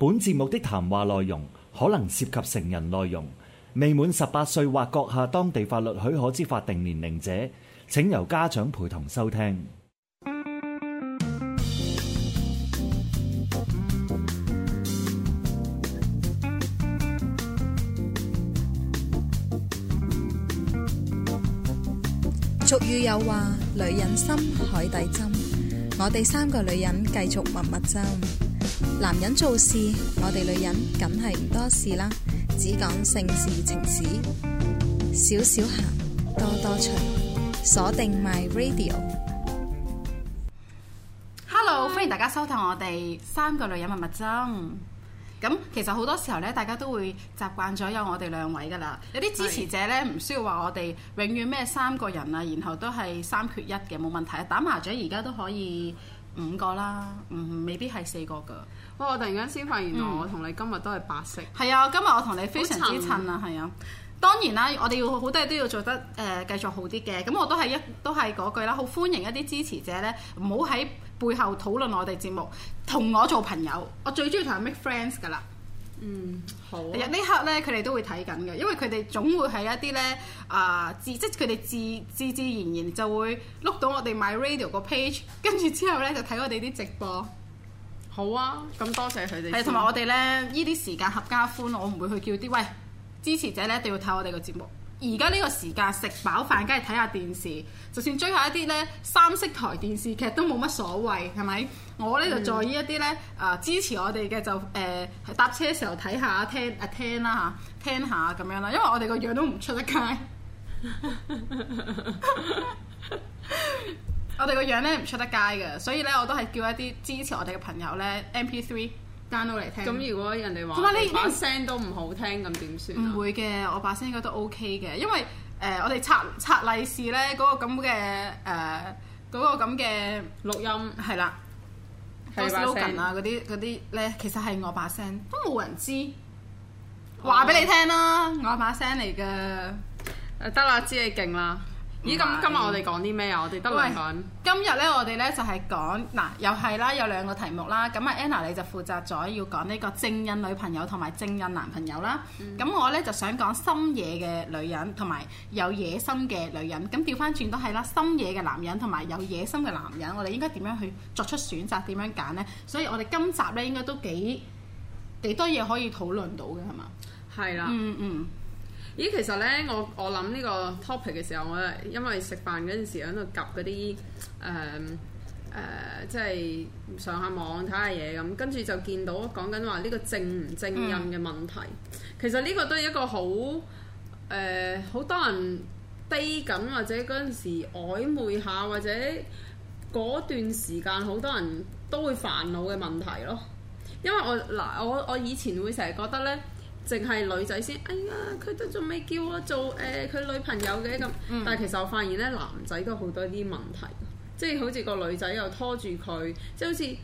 本節目的談話內容可能涉及成人內容，未滿十八歲或閣下當地法律許可之法定年齡者，請由家長陪同收聽。俗語有話：女人心，海底針。我哋三個女人繼續蜜蜜針。男人做事，我哋女人梗係唔多事啦，只講性事情事，少少閒，多多趣。鎖定 My Radio，Hello，Hi. 歡迎大家收睇我哋三個女人蜜蜜針。咁其實好多時候咧，大家都會習慣咗有我哋兩位噶啦。有啲支持者咧，唔是需要話我哋永遠咩三個人啊，然後都係三缺一嘅，冇問題。打麻雀而家都可以。五個啦，唔、嗯、未必係四個噶。哇！我突然間先發現，原來我同你今日都係白色。係、嗯、啊，今日我同你非常之襯啊。係啊，當然啦，我哋要好多嘢都要做得誒、呃，繼續好啲嘅。咁我都係一都係嗰句啦，好歡迎一啲支持者咧，唔好喺背後討論我哋節目，同我做朋友，我最中意同人 make friends 噶啦。嗯，好啊。入呢刻咧，佢哋都會睇緊嘅，因為佢哋總會係一啲咧啊自，即係佢哋自自自然然就會碌到我哋 MyRadio 個 page，跟住之後咧就睇我哋啲直播。好啊，咁多謝佢哋。係，同埋我哋咧呢啲時間合家歡，我唔會去叫啲喂支持者咧一定要睇我哋個節目。而家呢個時間食飽飯，梗係睇下電視。就算追下一啲咧三色台電視劇都冇乜所謂，係咪？我咧就喺度做一啲咧，啊支持我哋嘅就誒、呃、搭車嘅時候睇下聽啊聽啦嚇聽下咁樣啦，因為我哋個樣都唔出得街。 我哋個樣咧唔出得街嘅，所以咧我都係叫一啲支持我哋嘅朋友咧 MP3。download 嚟聽。咁如果人哋話，你把聲都唔好聽，咁點算？唔會嘅，我把聲應該都 OK 嘅，因為誒、呃、我哋拆拆利是咧嗰個咁嘅誒嗰個咁嘅錄音係啦了，slogan 啊嗰啲嗰啲咧其實係我把聲，都冇人知。話俾、哦、你聽啦，我把聲嚟嘅，得啦、啊，知你勁啦。咦，咁今日我哋講啲咩啊？我哋得嚟講，今日咧我哋咧就係講嗱，又係啦，有兩個題目啦。咁啊，Anna，你就負責咗要講呢個正印女朋友同埋正印男朋友啦。咁我咧就想講深夜嘅女人同埋有野心嘅女人。咁調翻轉都係啦，深夜嘅男人同埋有野心嘅男人，我哋應該點樣去作出選擇？點樣揀咧？所以我哋今集咧應該都幾幾多嘢可以討論到嘅係嘛？係啦，嗯嗯。咦，其實咧，我我諗呢個 topic 嘅時候，我因為食飯嗰陣時喺度夾嗰啲誒誒，即係上下網睇下嘢咁，跟住就見到講緊話呢個正唔正印嘅問題。嗯、其實呢個都係一個好誒，好、呃、多人低緊或者嗰陣時曖昧下或者嗰段時間好多人都會煩惱嘅問題咯。因為我嗱，我我以前會成日覺得咧。淨係女仔先，哎呀，佢都仲未叫我做誒佢、呃、女朋友嘅咁。嗯、但係其實我發現咧，男仔都好多啲問題，即係好似個女仔又拖住佢，即係好似誒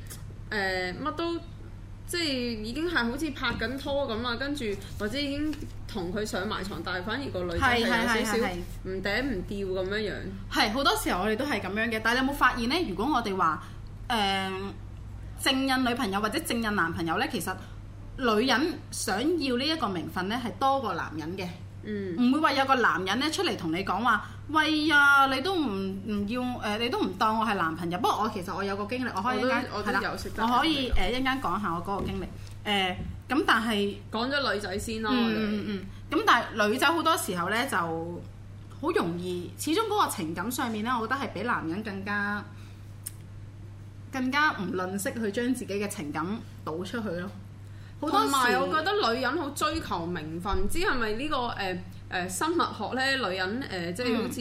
乜都，即係已經係好似拍緊拖咁啦。跟住或者已經同佢上埋床，但係反而個女仔係有少少唔頂唔吊咁樣樣。係好多時候我哋都係咁樣嘅，但係你有冇發現咧？如果我哋話誒正印女朋友或者正印男朋友咧，其實。女人想要呢一個名分呢，係多過男人嘅，唔、嗯、會話有個男人呢，出嚟同你講話，嗯、喂呀，你都唔唔要誒、呃，你都唔當我係男朋友。不過我其實我有個經歷，我可以一陣間我可以誒、呃、一陣間講下我嗰個經歷咁、呃、但係講咗女仔先咯，嗯嗯咁、嗯嗯、但係女仔好多時候呢，就好容易，始終嗰個情感上面呢，我覺得係比男人更加更加唔吝惜去將自己嘅情感倒出去咯。同埋，我覺得女人好追求名分，唔知係咪呢個誒誒、呃呃、生物學咧？女人誒、呃、即係好似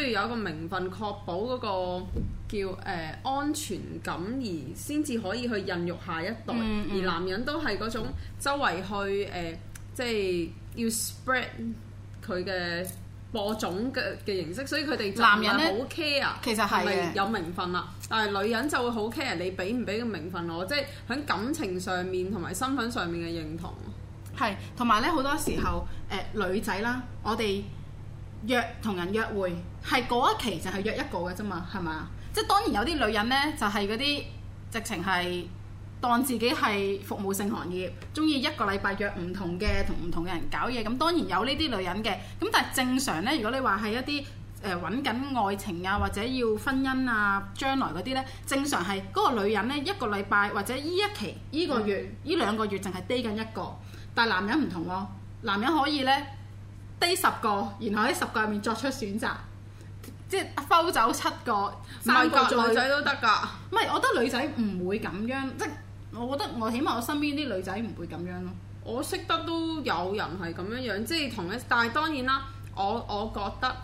需要有一個名分，確保嗰個叫誒、呃、安全感，而先至可以去孕育下一代。嗯嗯。而男人都係嗰種周圍去誒、呃，即係要 spread 佢嘅。播種嘅嘅形式，所以佢哋男人好 care，啊，其實係咪有名分啦？但係女人就會好 care 你俾唔俾個名分我，即係喺感情上面同埋身份上面嘅認同。係，同埋咧好多時候，誒、呃、女仔啦，我哋約同人約會，係嗰一期就係約一個嘅啫嘛，係嘛？即、就、係、是、當然有啲女人呢，就係嗰啲直情係。當自己係服務性行業，中意一個禮拜約唔同嘅同唔同嘅人搞嘢，咁當然有呢啲女人嘅。咁但係正常呢，如果你話係一啲揾緊愛情啊，或者要婚姻啊、將來嗰啲呢，正常係嗰個女人呢，一個禮拜或者呢一期呢個月呢、嗯、兩個月淨係 date 緊一個，但係男人唔同喎、哦，男人可以呢 date 十個，然後喺十個入面作出選擇，即係摟走七個三個女仔都得㗎。唔係，我覺得女仔唔會咁樣，即係。我覺得我，起碼我身邊啲女仔唔會咁樣咯。我識得都有人係咁樣樣，即係同一，但係當然啦，我我覺得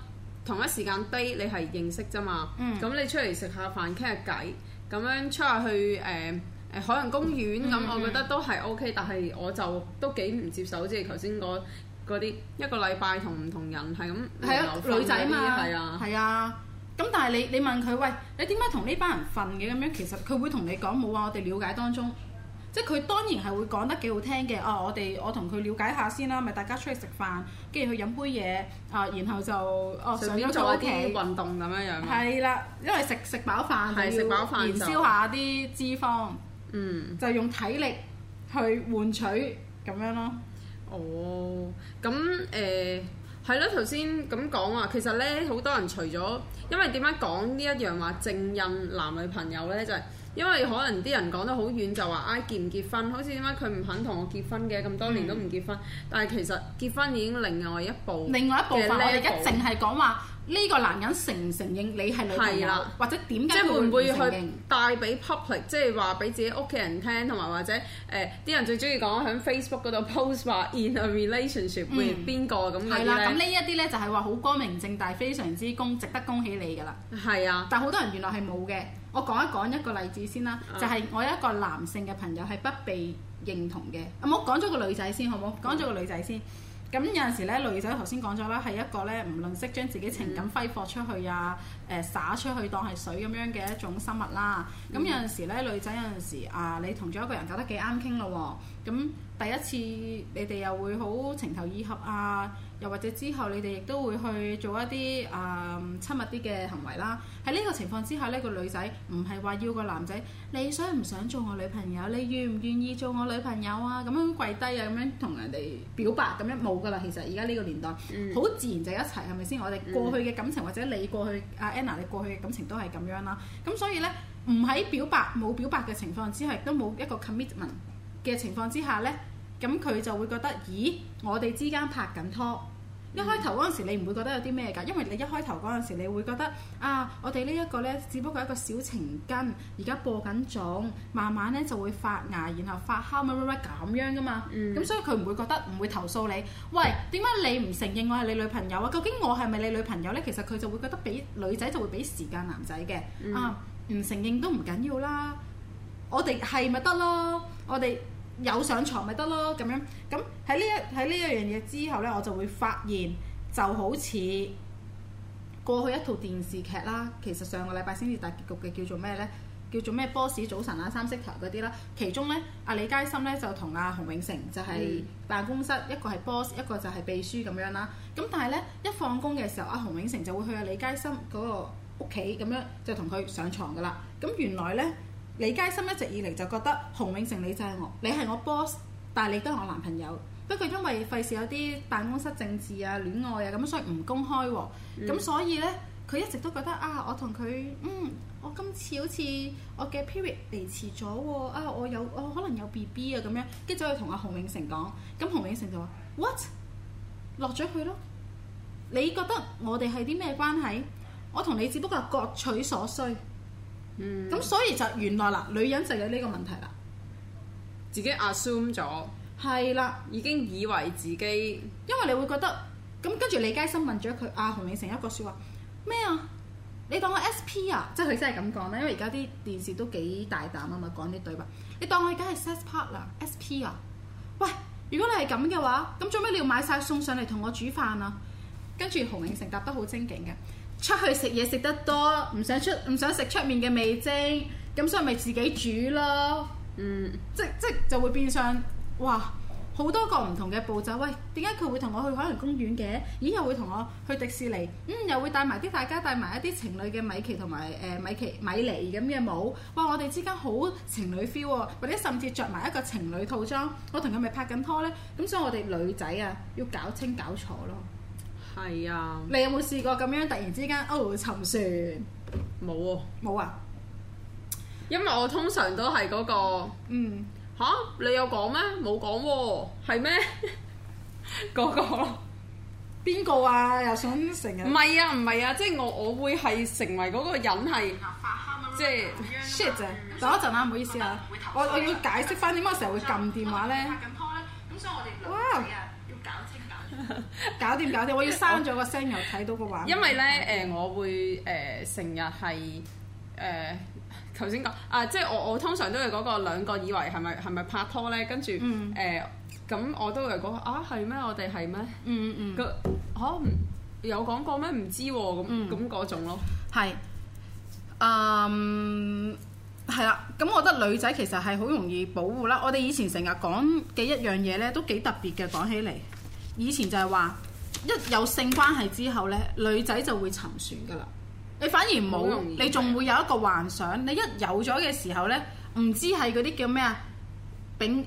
同一時間 date，你係認識啫嘛。咁、嗯、你出嚟食下飯傾下偈，咁樣出下去誒誒、呃呃、海洋公園，咁、嗯、我覺得都係 OK、嗯。但係我就都幾唔接受，即係頭先嗰啲一個禮拜同唔同人係咁。係啊，聊女仔嘛，係啊，係啊。咁但係你你問佢喂，你點解同呢班人瞓嘅咁樣？其實佢會同你講冇啊，我哋了解當中，即係佢當然係會講得幾好聽嘅。哦，我哋我同佢了解下先啦，咪大家出去食飯，跟住去飲杯嘢啊、呃，然後就哦許上屋企運動咁樣樣。係啦，因為食食飽，的飽飯就要燃燒下啲脂肪，嗯，就用體力去換取咁樣咯。哦、oh，咁、uh、誒。係咯，頭先咁講話，其實咧好多人除咗，因為點解講呢一樣話正印男女朋友咧，就係、是。因為可能啲人講得好遠就話唉、哎、結唔結婚？好似點解佢唔肯同我結婚嘅咁多年都唔結婚？嗯、但係其實結婚已經另外一部，另外一部分度我哋而家淨係講話呢個男人承唔承認你係你嘅人，或者點解即係會唔會去帶俾 public，即係話俾自己屋企人聽，同埋或者誒啲人最中意講喺 Facebook 嗰度 post 話 in a relationship with 邊個咁嘅係啦，咁、啊、呢一啲咧就係話好光明正大，非常之恭值得恭喜你㗎啦。係啊，但係好多人原來係冇嘅。我講一講一個例子先啦，就係、是、我有一個男性嘅朋友係不被認同嘅。啊，冇講咗個女仔先好冇，講咗個女仔先。咁有陣時咧，女仔頭先講咗啦，係一個咧唔吝惜將自己情感揮霍出去啊，誒、呃、灑出去當係水咁樣嘅一種生物啦。咁有陣時咧，女仔有陣時啊，你同咗一個人搞得幾啱傾咯喎，咁。第一次你哋又會好情投意合啊，又或者之後你哋亦都會去做一啲啊親密啲嘅行為啦。喺呢個情況之下呢、呢個女仔唔係話要個男仔，你想唔想做我女朋友？你願唔願意做我女朋友啊？咁樣跪低啊，咁樣同人哋表白咁樣冇㗎啦。其實而家呢個年代好、嗯、自然就一齊係咪先？我哋過去嘅感情、嗯、或者你過去啊 Anna 你過去嘅感情都係咁樣啦。咁所以呢，唔喺表白冇表白嘅情況之下，亦都冇一個 commitment 嘅情況之下呢。咁佢就會覺得，咦？我哋之間拍緊拖，嗯、一開頭嗰陣時你唔會覺得有啲咩㗎，因為你一開頭嗰陣時你會覺得啊，我哋呢一個呢，只不過一個小情根，而家播緊種，慢慢呢就會發芽，然後發酵乜乜乜咁樣㗎嘛。咁、嗯、所以佢唔會覺得，唔會投訴你。喂，點解你唔承認我係你女朋友啊？究竟我係咪你女朋友呢？其實佢就會覺得，俾女仔就會俾時間男仔嘅。嗯、啊，唔承認都唔緊要啦，我哋係咪得咯？我哋。我有上床咪得咯咁樣，咁喺呢一喺呢一樣嘢之後呢，我就會發現就好似過去一套電視劇啦，其實上個禮拜先至大結局嘅叫做咩呢？叫做咩？波士早晨啊，三色台嗰啲啦，其中呢，阿李佳芯呢就同阿洪永城就係辦公室、嗯、一個係波士，一個就係秘書咁樣啦。咁但係呢，一放工嘅時候，阿洪永城就會去阿李佳芯嗰個屋企咁樣就同佢上床噶啦。咁原來呢。李佳芯一直以嚟就覺得洪永城你就係我，你係我 boss，但係你都係我男朋友。不過因為費事有啲辦公室政治啊、戀愛啊咁，所以唔公開喎、啊。咁、嗯、所以呢，佢一直都覺得啊，我同佢，嗯，我今次好似我嘅 period 嚟遲咗喎、啊，啊，我有、啊、我可能有 B B 啊咁樣，跟住走去同阿洪永城講，咁、嗯、洪永城就話：what？落咗佢咯。你覺得我哋係啲咩關係？我同你只不過係各取所需。咁、嗯、所以就原來啦，女人就有呢個問題啦，自己 assume 咗係啦，了已經以為自己，因為你會覺得咁。跟住李佳芯問咗佢阿洪永成一個説話咩啊？你當我 S P 啊？即係佢真係咁講咧，因為而家啲電視都幾大膽啊嘛，講呢對白。你當我而家係 sex partner，S P 啊？喂，如果你係咁嘅話，咁做咩你要買晒送上嚟同我煮飯啊？跟住洪永成答得好精警嘅。出去食嘢食得多，唔想出唔想食出面嘅味精，咁所以咪自己煮咯。嗯，即即就會變相，哇，好多個唔同嘅步驟。喂，點解佢會同我去海洋公園嘅？咦，又會同我去迪士尼。嗯，又會帶埋啲大家帶埋一啲情侶嘅米奇同埋誒米奇米妮咁嘅帽。哇，我哋之間好情侶 feel 喎、哦，或者甚至着埋一個情侶套裝，我同佢咪拍緊拖呢？咁所以我哋女仔啊，要搞清搞楚咯。係啊！你有冇試過咁樣突然之間哦沉船？冇喎。冇啊！因為我通常都係嗰個嗯吓？你有講咩？冇講喎，係咩？嗰個邊個啊？又想成日唔係啊？唔係啊！即係我我會係成為嗰個人係即係 shit 啊！等一陣啊，唔好意思啊，我我要解釋翻點解成日會撳電話咧。咁所以我哋哇！ 搞掂搞掂，我要收咗個聲又睇到個畫面。因為咧，誒、嗯呃，我會誒成、呃、日係誒頭先講啊，即係我我通常都係嗰個兩個以為係咪係咪拍拖咧，跟住誒咁我都會講啊係咩？我哋係咩？嗯、啊啊、嗯個吓有講過咩？唔知喎，咁咁嗰種咯。係，嗯係啦。咁、啊、我覺得女仔其實係好容易保護啦。我哋以前成日講嘅一樣嘢咧，都幾特別嘅，講起嚟。以前就係話一有性關係之後呢，女仔就會沉船㗎啦。你反而冇，你仲會有一個幻想。嗯、你一有咗嘅時候呢，唔知係嗰啲叫咩啊，丙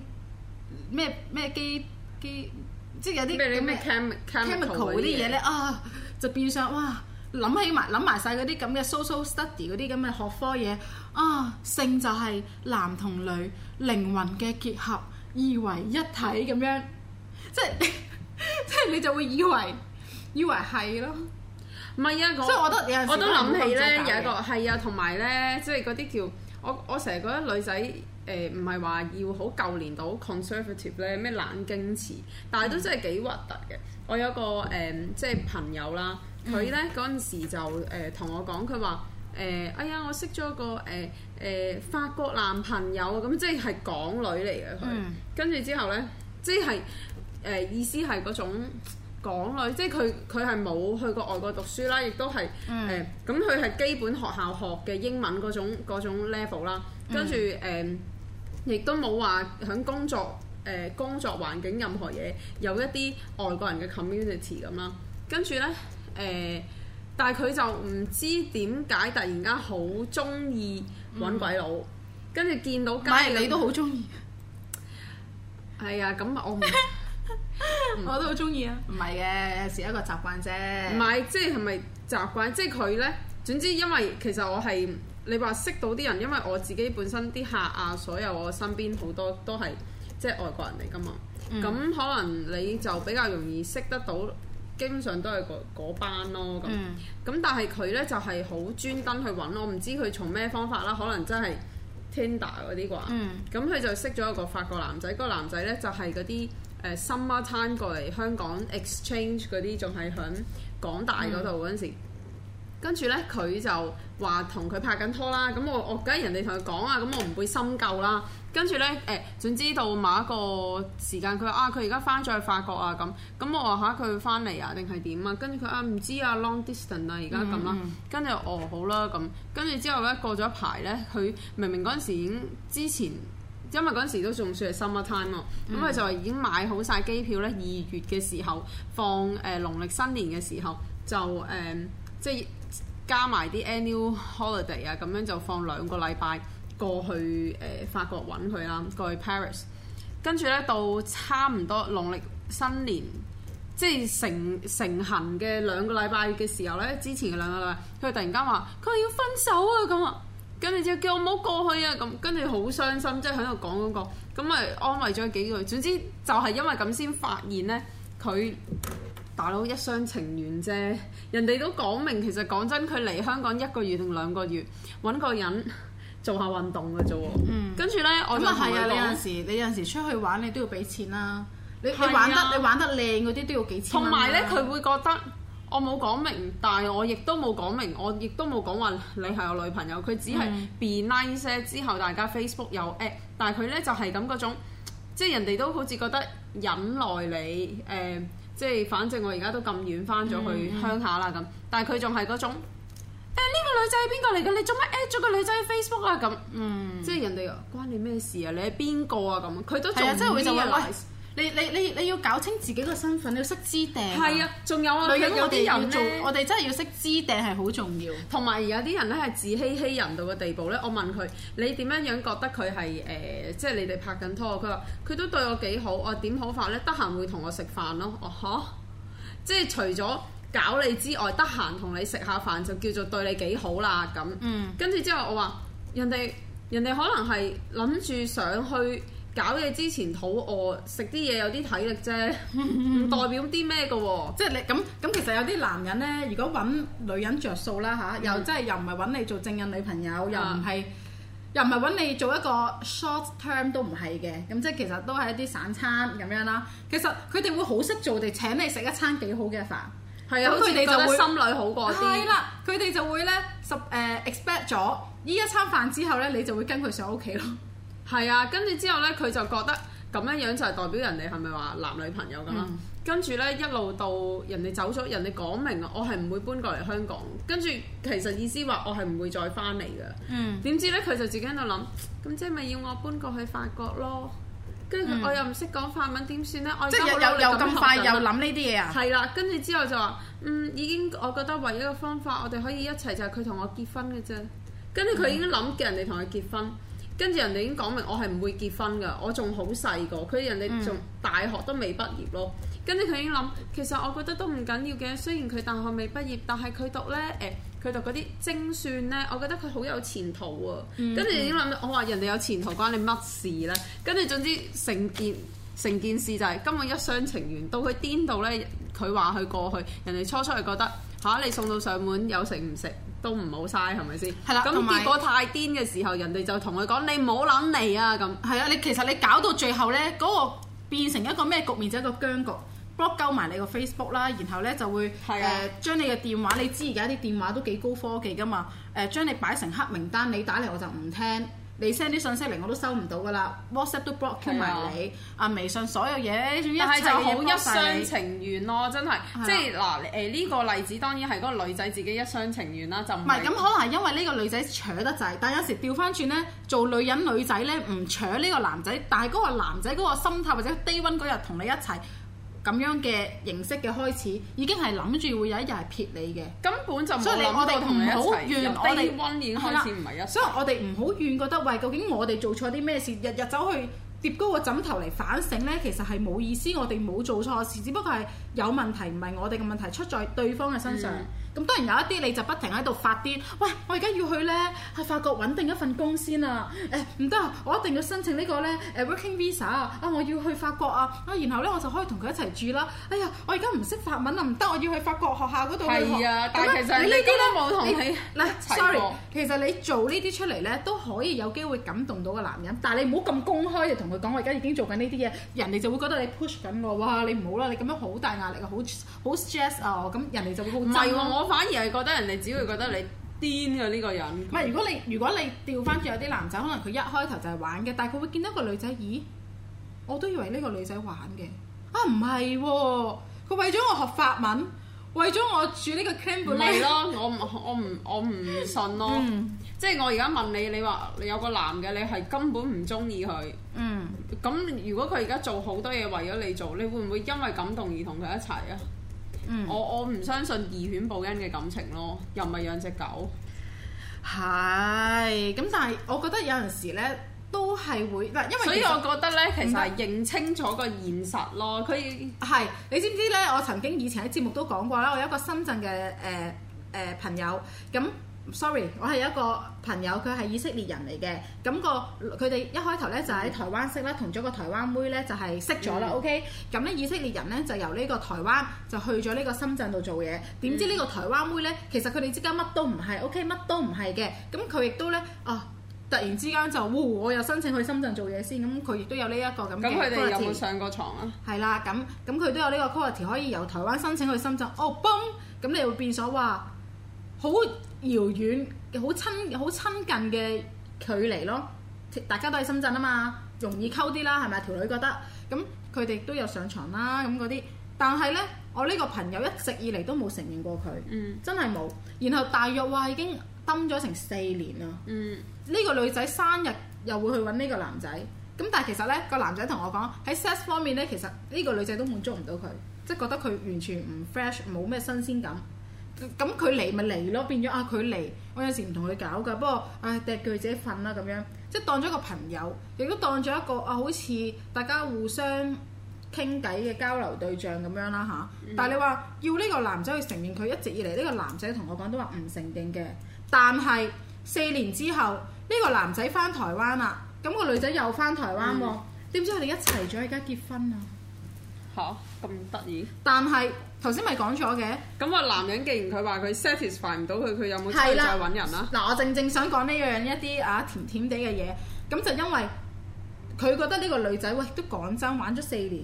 咩咩機機，即係有啲咩麼麼 chemical 嗰啲嘢呢，啊，就變相哇諗起埋諗埋晒嗰啲咁嘅 social study 嗰啲咁嘅學科嘢啊，性就係男同女靈魂嘅結合二為一體咁樣，即係。 即係你就會以為是以為係咯，唔係啊！即係我都，都我都諗起咧，有一個係啊，同埋咧，即係嗰啲叫我我成日覺得女仔誒唔係話要好舊年到 conservative 咧，咩冷矜持，但係都真係幾核突嘅。我有個誒、嗯、即係朋友啦，佢咧嗰陣時就誒同、呃、我講，佢話誒哎呀，我識咗個誒誒、呃呃、法國男朋友咁、嗯，即係係港女嚟嘅佢，嗯、跟住之後咧，即係。即誒意思係嗰種港女，即係佢佢係冇去過外國讀書啦，亦都係誒，咁佢係基本學校學嘅英文嗰種嗰種 level 啦，跟住誒，亦都冇話喺工作誒、呃、工作環境任何嘢有一啲外國人嘅 community 咁啦，跟住咧誒，但係佢就唔知點解突然間好中意揾鬼佬，嗯、跟住見到加埋你都好中意，係啊、哎，咁我唔。 我都好中意啊！唔係嘅，係一個習慣啫。唔係即係係咪習慣？即係佢呢？總之因為其實我係你話識到啲人，因為我自己本身啲客啊，所有我身邊好多都係即係外國人嚟噶嘛。咁、嗯、可能你就比較容易識得到，基本上都係嗰班咯。咁咁、嗯、但係佢呢，就係、係、好專登去揾我，唔知佢從咩方法啦？可能真係 Tinder 嗰啲啩。咁佢、嗯、就識咗一個法國男仔，嗰、嗰個男仔呢，就係嗰啲。誒 summer time 過嚟香港 exchange 嗰啲仲係響港大嗰度嗰陣時，嗯、呢跟住咧佢就話同佢拍緊拖啦，咁我我記人哋同佢講啊，咁我唔會深究啦。跟住咧誒，總之到某一個時間，佢啊佢而家翻咗去法國啊咁，咁我話嚇佢翻嚟啊定係點啊？跟住佢啊唔、啊啊、知啊 long distance 啊而家咁啦，跟住哦好啦咁，跟住之後咧過咗一排咧，佢明明嗰陣時已經之前。因為嗰陣時都仲算係 summer time 喎，咁佢、嗯、就已經買好晒機票咧。二月嘅時候放誒農曆新年嘅時候，就誒、嗯、即係加埋啲 annual holiday 啊，咁樣就放兩個禮拜過去誒、呃、法國揾佢啦，過去 Paris。跟住咧到差唔多農曆新年，即係成成行嘅兩個禮拜嘅時候咧，之前嘅兩個禮拜，佢突然間話佢話要分手啊咁啊！跟住就叫我唔好過去啊！咁跟住好傷心，即係喺度講嗰個，咁咪安慰咗佢幾句。總之就係因為咁先發現咧，佢大佬一廂情願啫。人哋都講明，其實講真，佢嚟香港一個月定兩個月搵個人做下運動嘅啫。嗯，跟住咧，我咁、嗯、啊你有陣時，你有陣時，有時出去玩，你都要俾錢啦、啊。你你玩得、啊、你玩得靚嗰啲都要幾錢、啊。同埋咧，佢會覺得。我冇講明，但係我亦都冇講明，我亦都冇講話你係我女朋友。佢只係 be nice 之後，大家 Facebook 有 at，但係佢咧就係咁嗰種，即係人哋都好似覺得忍耐你誒，即係反正我而家都咁遠翻咗去、嗯、鄉下啦咁。但係佢仲係嗰種呢、欸呢個女仔係邊個嚟㗎？你做乜 at 咗個女仔 Facebook 啊？咁，嗯，即係人哋關你咩事啊？你係邊個啊？咁，佢都仲、啊、真係會你你你你要搞清自己個身份，你要識知訂。係啊，仲有啊，女但 人有啲人咧，我哋真係要識知訂係好重要。同埋有啲人咧係自欺欺人到嘅地步咧。我問佢：你點樣樣覺得佢係誒？即係你哋拍緊拖，佢話佢都對我幾好。我話點好法咧？得閒會同我食飯咯。哦，嚇、啊，即係除咗搞你之外，得閒同你食下飯就叫做對你幾好啦咁。嗯。跟住之後我話：人哋人哋可能係諗住想去。搞嘢之前肚餓，食啲嘢有啲體力啫，唔 代表啲咩嘅喎。即係你咁咁，其實有啲男人呢，如果揾女人着數啦嚇，又真係、嗯、又唔係揾你做正印女朋友，又唔係又唔係揾你做一個 short term 都唔係嘅。咁、嗯、即係其實都係一啲散餐咁樣啦。其實佢哋會好識做地請你食一餐幾好嘅飯，係啊、嗯，的好似你就會心裏好過啲。係啦，佢哋就會呢十、呃、expect 咗呢一餐飯之後呢，你就會跟佢上屋企咯。係啊，跟住之後咧，佢就覺得咁樣樣就係代表人哋係咪話男女朋友咁啊？跟住咧，一路到人哋走咗，人哋講明我係唔會搬過嚟香港，跟住其實意思話我係唔會再翻嚟嘅。點、嗯、知咧佢就自己喺度諗，咁即係咪要我搬過去法國咯？跟住、嗯、我又唔識講法文，點算咧？我係又又咁快又諗呢啲嘢啊？係啦，跟住之後就話嗯，已經我覺得唯一嘅方法，我哋可以一齊就係佢同我結婚嘅啫。跟住佢已經諗住人哋同佢結婚、嗯。嗯跟住人哋已經講明，我係唔會結婚㗎，我仲好細個。佢人哋仲大學都未畢業咯。跟住佢已經諗，其實我覺得都唔緊要嘅。雖然佢大學未畢業，但係佢讀呢，誒、欸，佢讀嗰啲精算呢，我覺得佢好有前途啊。跟住、嗯、已經諗，我話人哋有前途關你乜事呢？」跟住總之成件成件事就係根本一廂情願，到佢癲到呢，佢話佢過去，人哋初初係覺得吓、啊，你送到上門有食唔食？都唔好嘥，係咪先？係啦的，咁結果太癲嘅時候，的人哋就同佢講：的你唔好諗嚟啊！咁係啊，你其實你搞到最後呢，嗰、嗰個變成一個咩局面就係、一個僵局。block 鳩埋你個 Facebook 啦，然後呢就會誒的、呃、將你嘅電話，你知而家啲電話都幾高科技㗎嘛？誒、呃、將你擺成黑名單，你打嚟我就唔聽。你 send 啲信息嚟我都收唔到㗎喇，WhatsApp 都 block 埋、啊、你，啊微信所有嘢，一係就好一廂情願咯，真係，即係嗱誒呢個例子當然係嗰個女仔自己一廂情願啦，就唔係咁可能係因為呢個女仔搶得滯，但係有時調翻轉呢，做女人女仔呢唔搶呢個男仔，但係嗰個男仔嗰個心態或者低温嗰日同你一齊。咁樣嘅形式嘅開始，已經係諗住會有一日係撇你嘅，根本就冇諗到同你一齊。所以你我哋唔好怨我哋。係啦 one 吧，起所以我哋唔好怨覺得，喂，究竟我哋做錯啲咩事？日日走去疊高個枕頭嚟反省呢，其實係冇意思。我哋冇做錯事，只不過係有問題，唔係我哋嘅問題，出在對方嘅身上。嗯。咁當然有一啲你就不停喺度發癲，喂！我而家要去咧，去法國揾定一份工先啊！誒、欸，唔得，我一定要申請呢個咧、呃、working visa 啊！啊，我要去法國啊！啊，然後咧我就可以同佢一齊住啦、啊！哎呀，我而家唔識法文啊，唔得，我要去法國學校嗰度去學。係啊，但係樣其實呢啲都冇同，嗱你，sorry，其實你做呢啲出嚟咧，都可以有機會感動到個男人，但係你唔好咁公開就同佢講，我而家已經做緊呢啲嘢，人哋就會覺得你 push 緊我，哇！你唔好啦，你咁樣好大壓力啊，好好 stress 啊，咁、哦、人哋就會好。唔我、嗯。嗯我反而係覺得人哋只會覺得你癲啊！呢個人，唔係。如果你如果你調翻轉，有啲男仔，可能佢一開頭就係玩嘅，但係佢會見到個女仔，咦？我都以為呢個女仔玩嘅啊，唔係喎！佢為咗我學法文，為咗我住呢個 campbell 咯，我唔我唔我唔信咯。 嗯、即係我而家問你，你話你有個男嘅，你係根本唔中意佢。嗯。咁如果佢而家做好多嘢為咗你做，你會唔會因為感動而同佢一齊啊？嗯、我我唔相信義犬報恩嘅感情咯，又唔係養隻狗。係，咁但係我覺得有陣時呢都係會，唔因為。所以，我覺得呢其實認清楚個現實咯。佢係用它你知唔知呢？我曾經以前喺節目都講過啦。我有一個深圳嘅誒誒朋友咁。Sorry，我係一個朋友，佢係以色列人嚟嘅。咁個佢哋一開頭咧就喺台灣識啦，同咗個台灣妹咧就係識咗啦。嗯、OK，咁咧以色列人咧就由呢個台灣就去咗呢個深圳度做嘢。點、嗯、知呢個台灣妹咧，其實佢哋之間乜都唔係 OK，乜都唔係嘅。咁佢亦都咧啊，突然之間就，呃、我又申請去深圳做嘢先。咁佢亦都有呢一個咁嘅 quality 咁佢哋有冇上過床啊？係啦，咁咁佢都有呢個 quality 可以由台灣申請去深圳。哦嘣，o 咁你會變咗話好。遙遠好親好親近嘅距離咯，大家都喺深圳啊嘛，容易溝啲啦，係咪啊？條女覺得咁佢哋都有上床啦咁嗰啲，但係呢，我呢個朋友一直以嚟都冇承認過佢，嗯、真係冇。然後大約話已經登咗成四年啦。嗯，呢個女仔生日又會去揾呢個男仔，咁但係其實呢、呢個男仔同我講喺 sex 方面呢，其實呢個女仔都滿足唔到佢，即係覺得佢完全唔 fresh，冇咩新鮮感。咁佢嚟咪嚟咯，變咗啊！佢嚟，我有時唔同佢搞噶，不過唉，滴佢自己瞓啦咁樣，即係當咗一個朋友，亦都當咗一個啊，好似大家互相傾偈嘅交流對象咁樣啦吓，啊嗯、但係你話要呢個男仔去承認佢，一直以嚟呢個男仔同我講都話唔承認嘅，但係四年之後呢、呢個男仔翻台灣啦，咁、嗰個女仔又翻台灣喎，點、嗯、知佢哋一齊咗而家結婚啊？吓，咁得意！但係。頭先咪講咗嘅，咁、嗯、個男人既然佢話佢 satisfy 唔到佢，佢有冇再揾人啦？嗱、嗯，我正正想講呢樣一啲啊甜甜地嘅嘢，咁就因為佢覺得呢個女仔，喂，都講真，玩咗四年，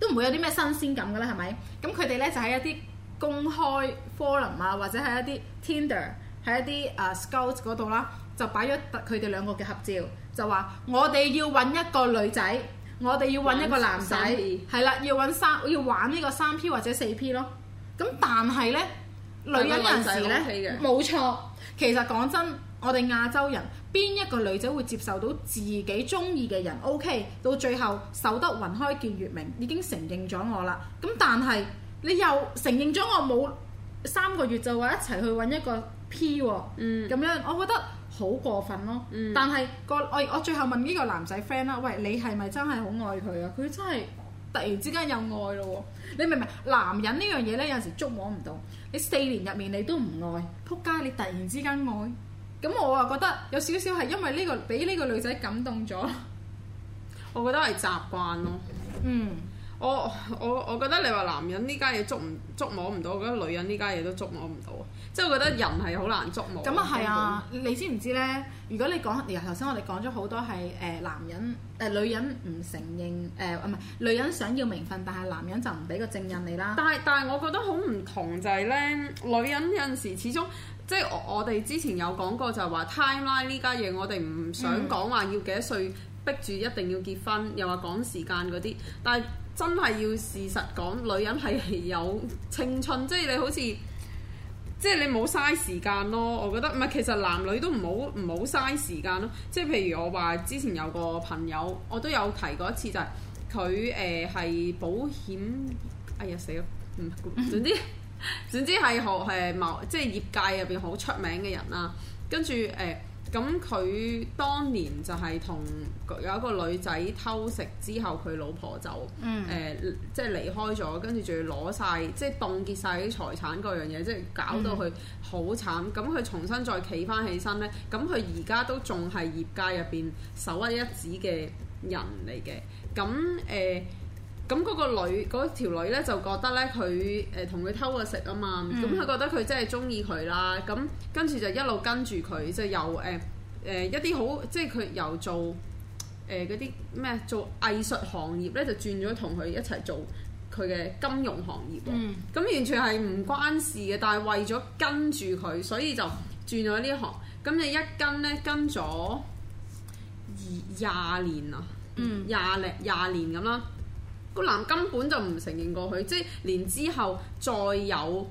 都唔會有啲咩新鮮感㗎啦，係咪？咁佢哋呢就喺一啲公開 forum 啊，或者喺一啲 Tinder、喺一、uh, 啲 scouts 嗰度啦，就擺咗佢哋兩個嘅合照，就話我哋要揾一個女仔。我哋要揾一個男仔，係啦，要揾三要玩呢個三 P 或者四 P 咯。咁但係呢，女人人士呢，冇錯。其實講真，我哋亞洲人邊一個女仔會接受到自己中意嘅人 OK？到最後守得雲開見月明，已經承認咗我啦。咁但係你又承認咗我冇三個月就話一齊去揾一個 P 喎，嗯、咁樣我覺得。好過分咯，嗯、但係個我我最後問呢個男仔 friend 啦，喂，你係咪真係好愛佢啊？佢真係突然之間又愛咯，你明唔明？男人呢樣嘢呢，有陣時捉摸唔到，你四年入面你都唔愛，撲街你突然之間愛，咁我啊覺得有少少係因為呢、呢個俾呢個女仔感動咗， 我覺得係習慣咯。嗯。我我我覺得你話男人呢家嘢捉唔捉摸唔到，我覺得女人呢家嘢都捉摸唔到，即係我覺得人係好難捉摸。咁啊係啊！你知唔知咧？如果你講，頭先我哋講咗好多係誒、呃、男人誒、呃、女人唔承認誒唔係女人想要名分，但係男人就唔俾個正印你啦。但係但係，我覺得好唔同就係、是、咧，女人有陣時始終即係我我哋之前有講過就係話 time line 呢家嘢，我哋唔想講話要幾多歲逼住一定要結婚，又話趕時間嗰啲，但係。真係要事實講，女人係有青春，即係你好似，即係你冇嘥時間咯。我覺得唔係，其實男女都唔好唔好嘥時間咯。即係譬如我話之前有個朋友，我都有提過一次、就係，就係佢誒係保險，哎呀死咯，唔、嗯， 總之總之係學誒貿，即係業界入邊好出名嘅人啦、啊，跟住誒。呃咁佢當年就係同有一個女仔偷食之後，佢老婆就誒、嗯呃、即係離開咗，跟住仲要攞晒即係凍結晒啲財產嗰樣嘢，即係搞到佢好慘。咁佢、嗯、重新再企翻起身咧，咁佢而家都仲係業界入邊首屈一指嘅人嚟嘅。咁誒。呃咁嗰個女嗰條女咧就覺得咧，佢誒同佢偷過食啊嘛。咁佢、嗯、覺得佢真係中意佢啦。咁跟住就一路跟住佢，就由誒誒、呃呃、一啲好即係佢由做誒嗰啲咩做藝術行業咧，就轉咗同佢一齊做佢嘅金融行業。嗯，咁、嗯、完全係唔關事嘅，但係為咗跟住佢，所以就轉咗呢一行。咁你一跟咧跟咗二廿年啊，廿零廿年咁啦。個男根本就唔承認過佢，即係連之後再有誒、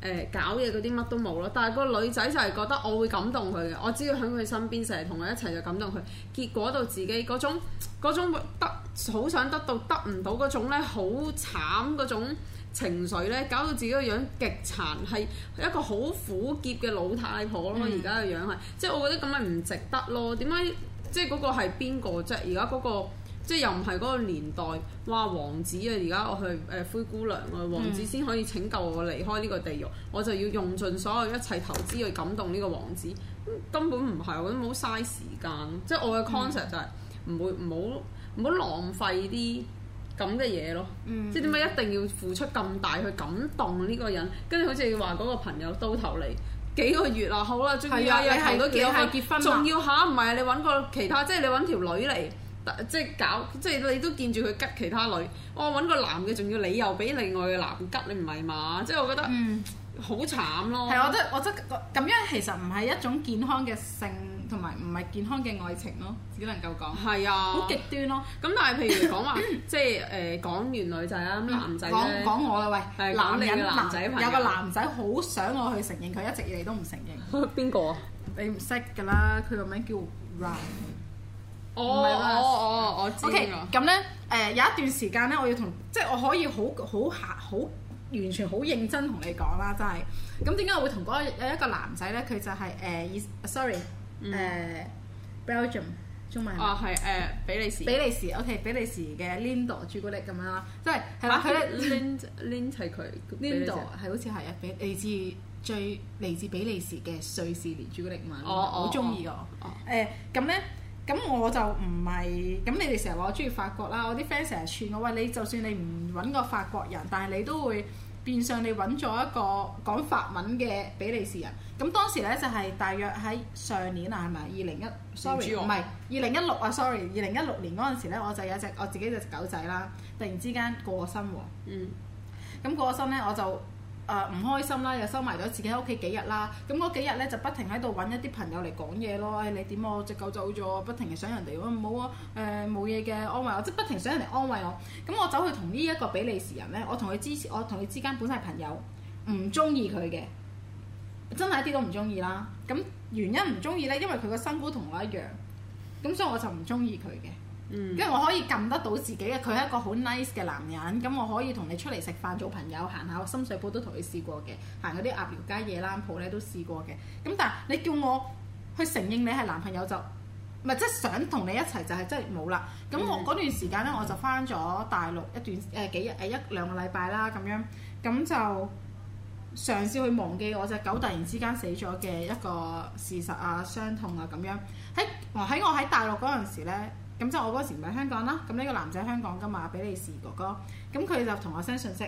呃、搞嘢嗰啲乜都冇咯。但係個女仔就係覺得我會感動佢嘅，我只要喺佢身邊成日同佢一齊就感動佢。結果到自己嗰種嗰種得好想得到得唔到嗰種咧，好慘嗰種情緒咧，搞到自己個樣極殘，係一個好苦澀嘅老太婆咯。而家個樣係，即係我覺得咁咪唔值得咯。點解即係嗰個係邊個啫？而家嗰個。即係又唔係嗰個年代，哇王子啊！而家我去誒、呃、灰姑娘啊，王子先可以拯救我離開呢個地獄，嗯、我就要用盡所有一切投資去感動呢個王子。嗯、根本唔係，我覺得冇嘥時間。即係我嘅 concept 就係唔會唔好唔好浪費啲咁嘅嘢咯。嗯嗯、即係點解一定要付出咁大去感動呢個人？跟住好似話嗰個朋友到頭嚟幾個月啊，好啦，終於啊又同嗰個結婚，仲要吓唔係啊？你揾個、啊、個其他，即係你揾條女嚟。即係搞，即係你都見住佢吉其他女，我、哦、揾個男嘅仲要理由俾另外嘅男吉，你唔係嘛？即係我覺得好慘咯。係、嗯，我覺得我覺得咁樣其實唔係一種健康嘅性，同埋唔係健康嘅愛情咯，只能夠講。係啊，好極端咯。咁但係譬如講講、 呃、講話，即係誒講完女仔啦，男仔咧，講講我啦，喂，是男人男仔，有個男仔好想我去承認，佢一直以嚟都唔承認。邊個啊？你唔識㗎啦，佢個名叫 Ryan。哦，我我我知。咁咧，誒有一段時間咧，我要同即係我可以好好好完全好認真同你講啦，真係咁點解我會同嗰有一個男仔咧？佢就係誒，sorry，誒 Belgium 中文哦，係誒比利時比利時 O K 比利時嘅 Lindor 朱古力咁樣啦，即係係話佢 Lind Lind 係佢 Lindor 係好似係啊，嚟自最嚟自比利時嘅瑞士蓮朱古力嘛，我好中意㗎，誒咁咧。咁我就唔係，咁你哋成日話我中意法國啦，我啲 friend 成日串我話你就算你唔揾個法國人，但係你都會變相你揾咗一個講法文嘅比利時人。咁當時呢，就係大約喺上年啊，係咪二零一 sorry 唔係二零一六啊，sorry，二零一六年嗰陣時呢，我就有一隻我自己隻狗仔啦，突然之間過身喎。嗯。咁過咗身呢，我就～誒唔、呃、開心啦，又收埋咗自己喺屋企幾日啦。咁、嗯、嗰幾日咧就不停喺度揾一啲朋友嚟講嘢咯。你點、啊、我隻狗走咗，不停嘅想人哋。我唔好啊，誒冇嘢嘅安慰我，即係不停想人哋安慰我。咁、嗯、我走去同呢一個比利時人呢，我同佢之前，我同佢之間本身係朋友，唔中意佢嘅，真係一啲都唔中意啦。咁、嗯、原因唔中意呢，因為佢個身高同我一樣，咁、嗯、所以我就唔中意佢嘅。嗯、因為我可以撳得到自己嘅，佢係一個好 nice 嘅男人。咁我可以同你出嚟食飯做朋友，行下深水埗都同你試過嘅，行嗰啲鴨寮街夜冷鋪咧都試過嘅。咁但係你叫我去承認你係男朋友，就唔係，即係想同你一齊就係真係冇啦。咁我嗰、嗯、段時間咧，的我就翻咗大陸一段誒幾日誒一兩個禮拜啦咁樣，咁就嘗試去忘記我隻狗突然之間死咗嘅一個事實啊、傷痛啊咁樣，喺我喺我喺大陸嗰陣時咧。咁即係我嗰時唔喺香港啦。咁呢個男仔香港噶嘛，比利士哥哥。咁佢就同我 send 信息，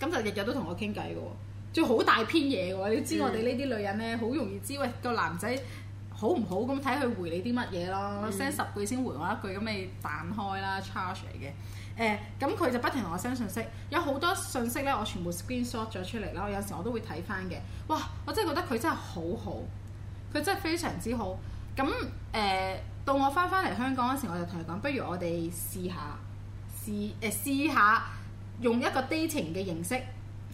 咁就日日都同我傾偈嘅喎。仲好大篇嘢喎，你知我哋呢啲女人咧，好容易知喂、個男仔好唔好咁睇佢回你啲乜嘢咯。send、嗯、十句先回我一句咁咪彈開啦 charge 嚟嘅。誒咁佢就不停同我 send 信息，有好多信息咧，我全部 screen shot 咗出嚟啦。我有時我都會睇翻嘅。哇！我真係覺得佢真係好好，佢真係非常之好。咁誒？呃到我翻翻嚟香港嗰時，我就同佢講：不如我哋試下試誒試下用一個低情嘅形式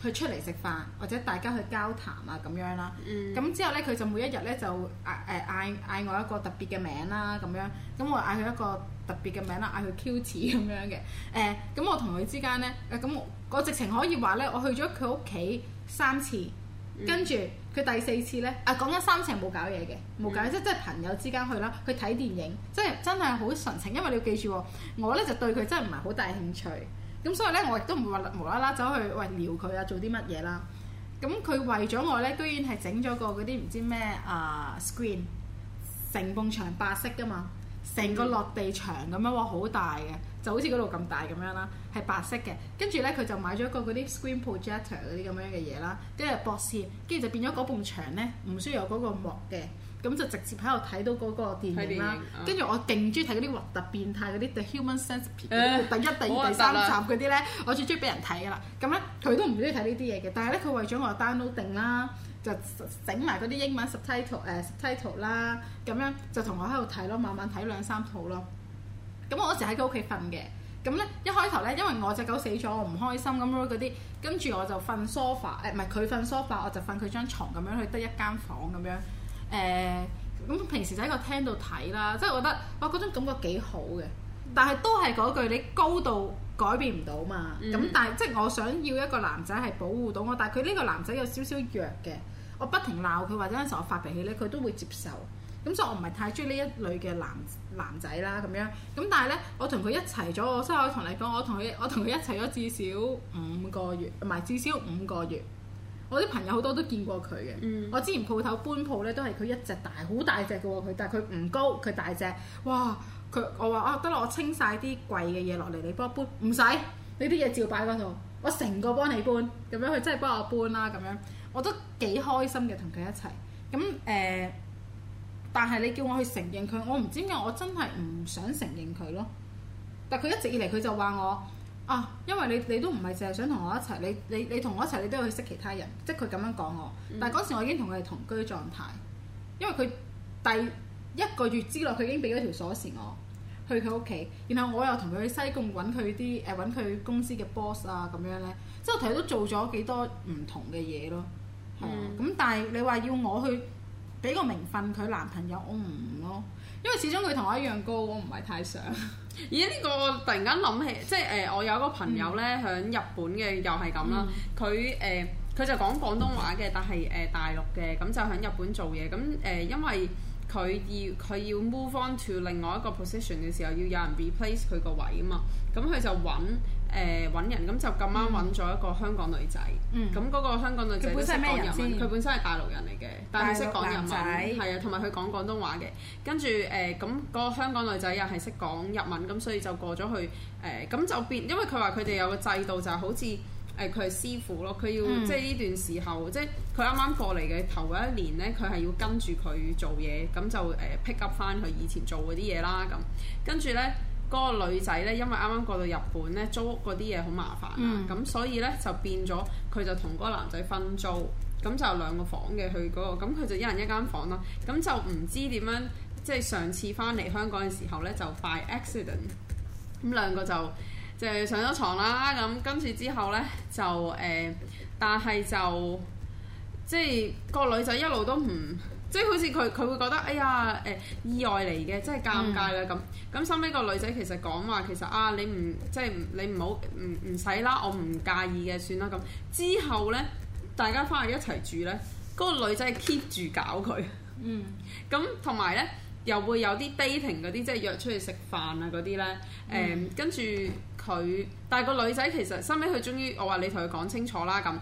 去出嚟食飯，或者大家去交談啊咁樣啦。嗯，咁之後咧，佢就每一日咧就嗌誒嗌嗌我一個特別嘅名啦咁樣。咁我嗌佢一個特別嘅名啦，嗌佢 Q 字咁樣嘅。誒咁我同佢之間咧，誒咁我，我直情可以話咧，我去咗佢屋企三次。跟住佢第四次呢，啊講緊三次冇搞嘢嘅，冇搞嘢，即係朋友之間去啦，去睇電影，即係真係好純情，因為你要記住，我呢就對佢真係唔係好大興趣，咁所以呢，我亦都唔會話無啦啦走去喂撩佢啊，做啲乜嘢啦，咁佢為咗我呢，居然係整咗個嗰啲唔知咩啊 screen，成埲牆白色㗎嘛。成個落地牆咁樣，哇，好大嘅，就好似嗰度咁大咁樣啦，係白色嘅。跟住咧，佢就買咗一個嗰啲 screen projector 嗰啲咁樣嘅嘢啦。跟住博士，跟住就變咗嗰埲牆咧，唔需要有嗰個幕嘅，咁、嗯、就直接喺度睇到嗰個電影啦。跟住、嗯、我勁中意睇嗰啲核突變態嗰啲 The Human Centipede 第一、uh, 第、第二、惡惡第三集嗰啲咧，我最中意俾人睇噶啦。咁咧，佢都唔中意睇呢啲嘢嘅，但係咧，佢為咗我 download 定啦。就整埋嗰啲英文 subtitle 誒、呃、啦，咁樣就同我喺度睇咯，慢慢睇兩三套咯。咁我嗰時喺佢屋企瞓嘅，咁咧，一開頭咧，因為我隻狗死咗，我唔開心咁咯嗰啲，跟住我就瞓 sofa，誒唔係佢瞓 sofa，我就瞓佢張床咁樣，去得一間房咁樣。誒、呃、咁平時就喺個廳度睇啦，即係覺得哇嗰種感覺幾好嘅，但係都係嗰句你高度改變唔到嘛。咁、嗯、但係即係我想要一個男仔係保護到我，但係佢呢個男仔有少少弱嘅。我不停鬧佢或者有陣時我發脾氣咧，佢都會接受。咁所以，我唔係太中意呢一類嘅男男仔啦咁樣。咁但係咧，我同佢一齊咗，所以我同你講，我同佢，我同佢一齊咗至少五個月，唔係，至少五個月。我啲朋友好多都見過佢嘅。嗯、我之前鋪頭搬鋪咧，都係佢一隻大，好大隻嘅喎佢，但係佢唔高，佢大隻。哇！佢我話啊，得啦，我清晒啲貴嘅嘢落嚟，你幫我搬，唔使，你啲嘢照擺嗰度。我成個幫你搬，咁樣佢真係幫我搬啦咁樣。我都幾開心嘅，同佢一齊咁誒。但係你叫我去承認佢，我唔知點解，我真係唔想承認佢咯。但佢一直以嚟佢就話我啊，因為你你都唔係淨係想同我一齊，你你同我一齊你都要去識其他人，即係佢咁樣講我。但係嗰時我已經同佢係同居狀態，因為佢第一個月之內佢已經俾咗條鎖匙我去佢屋企，然後我又同佢去西貢揾佢啲誒揾佢公司嘅 boss 啊咁樣呢。即係我同佢都做咗幾多唔同嘅嘢咯。嗯，咁、嗯、但係你話要我去俾個名分佢、嗯、男朋友，我唔咯，因為始終佢同我一樣高，我唔係太想、欸。而、這、呢個突然間諗起，即係誒、呃，我有一個朋友咧，響、嗯、日本嘅又係咁啦，佢誒佢就講廣東話嘅，但係誒、呃、大陸嘅，咁就響日本做嘢，咁誒、呃、因為佢要佢要 move on to 另外一個 position 嘅時候，要有人 replace 佢個位啊嘛，咁佢就揾。誒揾、呃、人咁就咁啱揾咗一個香港女仔，咁嗰、嗯、個香港女仔都識講日文，佢、嗯、本身係大陸人嚟嘅，但係識講日文，係啊，同埋佢講廣東話嘅。跟住誒咁個香港女仔又係識講日文，咁所以就過咗去誒，咁、呃、就變因為佢話佢哋有個制度就係好似誒佢係師傅咯，佢要、嗯、即係呢段時候，即係佢啱啱過嚟嘅頭一年咧，佢係要跟住佢做嘢，咁就誒、呃、pick up 翻佢以前做嗰啲嘢啦咁，跟住咧。嗰個女仔呢，因為啱啱過到日本呢，租屋嗰啲嘢好麻煩啊，咁、嗯、所以呢，就變咗佢就同嗰個男仔分租，咁就兩個房嘅去嗰個，咁佢就一人一間房咯，咁就唔知點樣，即係上次翻嚟香港嘅時候呢，就 by accident 咁兩個就就上咗床啦，咁跟住之後呢，就誒、呃，但係就即係、個女仔一路都唔～即係好似佢佢會覺得哎呀誒、呃、意外嚟嘅，真係尷尬啦咁。咁收尾個女仔其實講話其實啊，你唔即係你唔好唔唔使啦，我唔介意嘅，算啦咁。之後呢，大家翻去一齊住呢，嗰、嗰個女仔係 keep 住搞佢。嗯，咁同埋呢，又會有啲 dating 嗰啲，即係約出去食飯啊嗰啲呢。誒、嗯、跟住佢，但係個女仔其實收尾佢終於我話你同佢講清楚啦咁，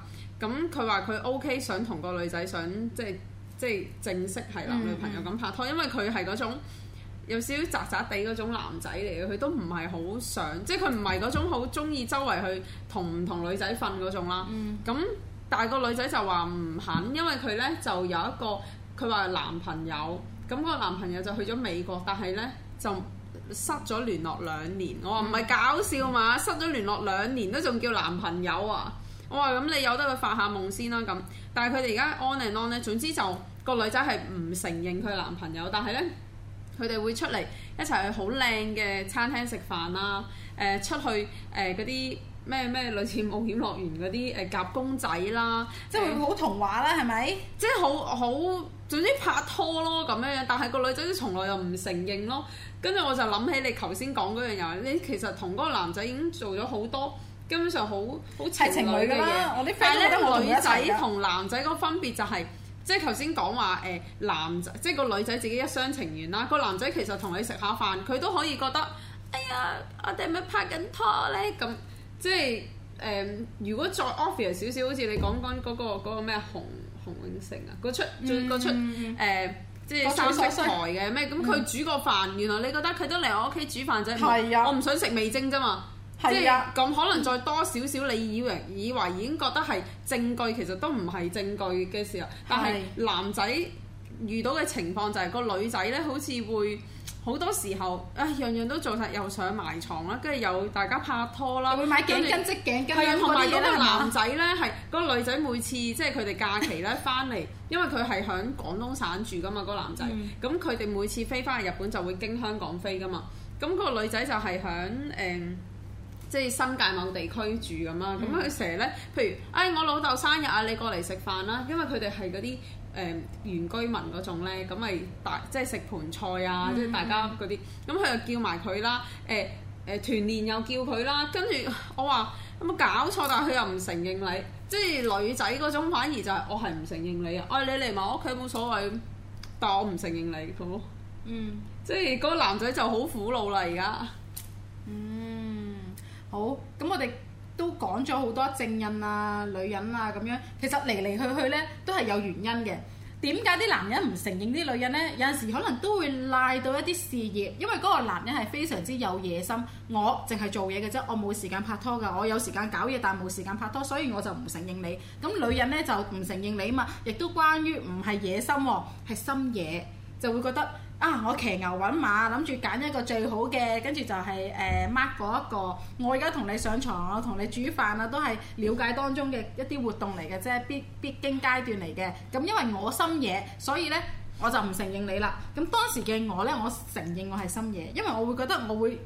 咁佢話佢 OK 想同個女仔想即係。即即係正式係男女朋友咁拍拖，嗯嗯，因為佢係嗰種有少少宅宅地嗰種男仔嚟嘅，佢都唔係好想，即係佢唔係嗰種好鍾意周圍去同唔同女仔瞓嗰種啦。咁、嗯、但係個女仔就話唔肯，因為佢呢就有一個佢話男朋友，咁、那、嗰個男朋友就去咗美國，但係呢就失咗聯絡兩年。我話唔係搞笑嘛，嗯、失咗聯絡兩年都仲叫男朋友啊！我話咁你由得佢發下夢先啦咁，但係佢哋而家 on and on 咧，總之就～個女仔係唔承認佢男朋友，但係呢，佢哋會出嚟一齊去好靚嘅餐廳食飯啦，誒、呃、出去誒嗰啲咩咩類似冒險樂園嗰啲誒夾公仔啦、呃呃，即係好童話啦，係咪？即係好好，總之拍拖咯咁樣樣。但係個女仔都從來又唔承認咯。跟住我就諗起你頭先講嗰樣嘢，你其實同嗰個男仔已經做咗好多，基本上好好係情侶㗎啦。我我但係咧，個女仔同男仔個分別就係、是。即係頭先講話誒男仔，即係個女仔自己一廂情願啦。個男仔其實同你食下飯，佢都可以覺得，哎呀，我哋咪拍緊拖咧咁。即係誒、呃，如果再 offer 少少，好似你講緊嗰個咩洪洪永城啊，嗰、那個、出做出誒、呃，即係三色台嘅咩？咁佢煮個飯，原來你覺得佢都嚟我屋企煮飯仔，我唔想食味精啫嘛。即係咁，嗯、可能再多少少，你以為以為已經覺得係證據，其實都唔係證據嘅時候。的但係男仔遇到嘅情況就係、是那個女仔咧，好似會好多時候，唉，樣樣都做晒，又想埋床啦，跟住又大家拍拖啦，會買頸巾，織頸巾啊，跟住嗰個男仔咧，係嗎、那個女仔每次即係佢哋假期咧翻嚟， 因為佢係響廣東省住噶嘛，嗰、那個男仔，咁佢哋每次飛翻嚟日本就會經香港飛噶嘛，咁、那、嗰個女仔就係響誒。嗯那個即係新界某地區住咁啦，咁佢成日咧，譬如誒、哎、我老豆生日啊，你過嚟食飯啦，因為佢哋係嗰啲誒原居民嗰種咧，咁咪大即係食盤菜啊，即係、嗯、大家嗰啲，咁佢又叫埋佢啦，誒、欸、誒、呃、團年又叫佢啦，跟住我話有冇搞錯，但係佢又唔承認你，即係女仔嗰種反而就係我係唔承認你啊，愛、哎、你嚟埋我屋企冇所謂，但我唔承認你咁咯，嗯，即係嗰、那個男仔就好苦惱啦而家。好，咁我哋都講咗好多正印啊、女人啊咁樣，其實嚟嚟去去呢都係有原因嘅。點解啲男人唔承認啲女人呢？有陣時可能都會賴到一啲事業，因為嗰個男人係非常之有野心。我淨係做嘢嘅啫，我冇時間拍拖㗎，我有時間搞嘢，但係冇時間拍拖，所以我就唔承認你。咁女人呢，就唔承認你嘛，亦都關於唔係野心、哦，係心野就會覺得。啊！我騎牛揾馬，諗住揀一個最好嘅，跟住就係誒 Mark 嗰一個。我而家同你上床啊，同你煮飯啊，都係了解當中嘅一啲活動嚟嘅啫，必必經階段嚟嘅。咁因為我心野，所以呢，我就唔承認你啦。咁當時嘅我呢，我承認我係心野，因為我會覺得我會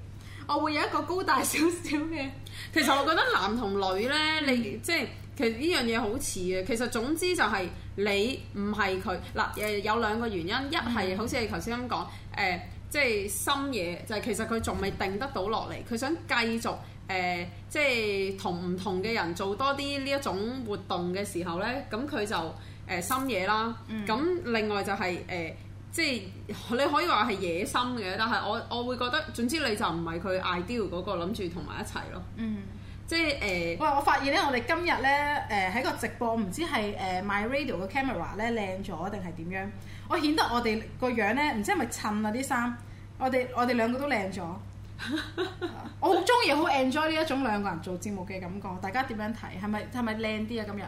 我會有一個高大少少嘅。其實我覺得男同女呢，你即係。就是其實呢樣嘢好似嘅，其實總之就係你唔係佢嗱誒，有兩個原因，一係好似你頭先咁講誒，即係深嘢，就係、是、其實佢仲未定得到落嚟，佢想繼續誒、呃、即係同唔同嘅人做多啲呢一種活動嘅時候咧，咁佢就誒、呃、深嘢啦。咁、嗯、另外就係、是、誒、呃、即係你可以話係野心嘅，但係我我會覺得總之你就唔係佢 ideal 嗰、那個諗住同埋一齊咯。嗯。即係誒，呃、喂！我發現咧，我哋今日咧誒喺個直播，唔知係誒、呃、My Radio 嘅 camera 咧靚咗定係點樣？我顯得我哋個樣咧，唔知係咪襯啊啲衫？我哋我哋兩個都靚咗、 啊，我好中意好 enjoy 呢一種兩個人做節目嘅感覺。大家點樣睇？係咪係咪靚啲啊？今日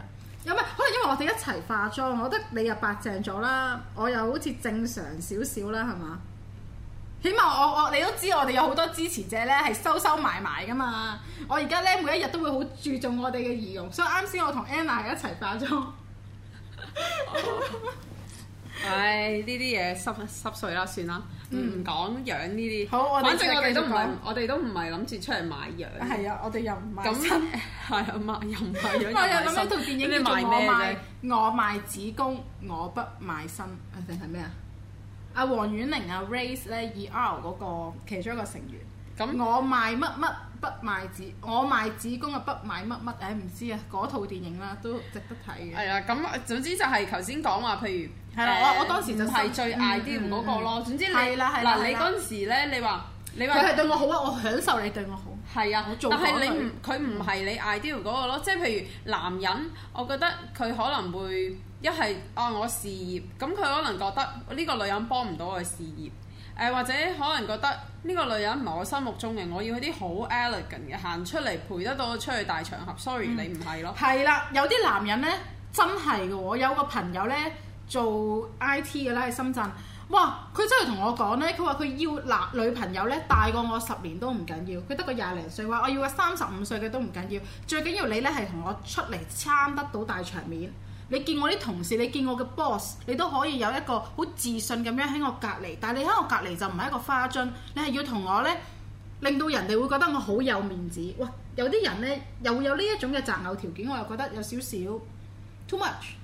有咪？可能因為我哋一齊化妝，我覺得你又白淨咗啦，我又好似正常少少啦，係嘛？起碼我我你都知我哋有好多支持者咧，係收收埋埋噶嘛。我而家咧每一日都會好注重我哋嘅儀容，所以啱先我同 Anna 喺一齊化妝。唉、 oh, 哎，呢啲嘢濕濕碎啦，算啦，唔唔講樣呢啲。嗯、好，反正我哋都唔，說我哋都唔係諗住出嚟買樣。係啊，我哋又唔賣身。係啊，賣又賣樣。 我有諗一套電影叫做《我賣我賣子宮》，我不賣身。定係咩啊？阿黃婉玲啊，Rays 咧以 R 嗰個其中一個成員，那我賣乜乜不賣子，我賣子宮啊不賣乜乜，誒唔知啊，嗰套電影啦都值得睇嘅。係啦，咁總之就係頭先講話，譬如係啦，了呃、我我當時就係最 ideal 嗰、嗰個咯。嗯嗯嗯、總之你嗱你嗰陣時咧，你話你話佢係對我好，我享受你對我好。係啊了，我做。但係你唔佢唔係你 ideal 嗰、嗰個咯，即係、嗯、譬如男人，我覺得佢可能會。一係按我事業咁，佢、嗯、可能覺得呢個女人幫唔到我嘅事業，誒、呃、或者可能覺得呢個女人唔係我心目中嘅，我要啲好 elegant 嘅行出嚟陪得到我出去大場合。Sorry，、嗯、你唔係咯？係啦，有啲男人呢真係嘅，我有個朋友呢做 IT 嘅啦，喺深圳。哇！佢真係同我講呢，佢話佢要男女朋友呢大過我十年都唔緊要，佢得個廿零歲，話我要個三十五歲嘅都唔緊要，最緊要你呢係同我出嚟撐得到大場面。你見我啲同事，你見我嘅 boss，你都可以有一個好自信咁樣喺我隔離。但係你喺我隔離就唔係一個花樽，你係要同我呢，令到人哋會覺得我好有面子。哇！有啲人呢，又會有呢一種嘅擇偶條件，我又覺得有少少 too much。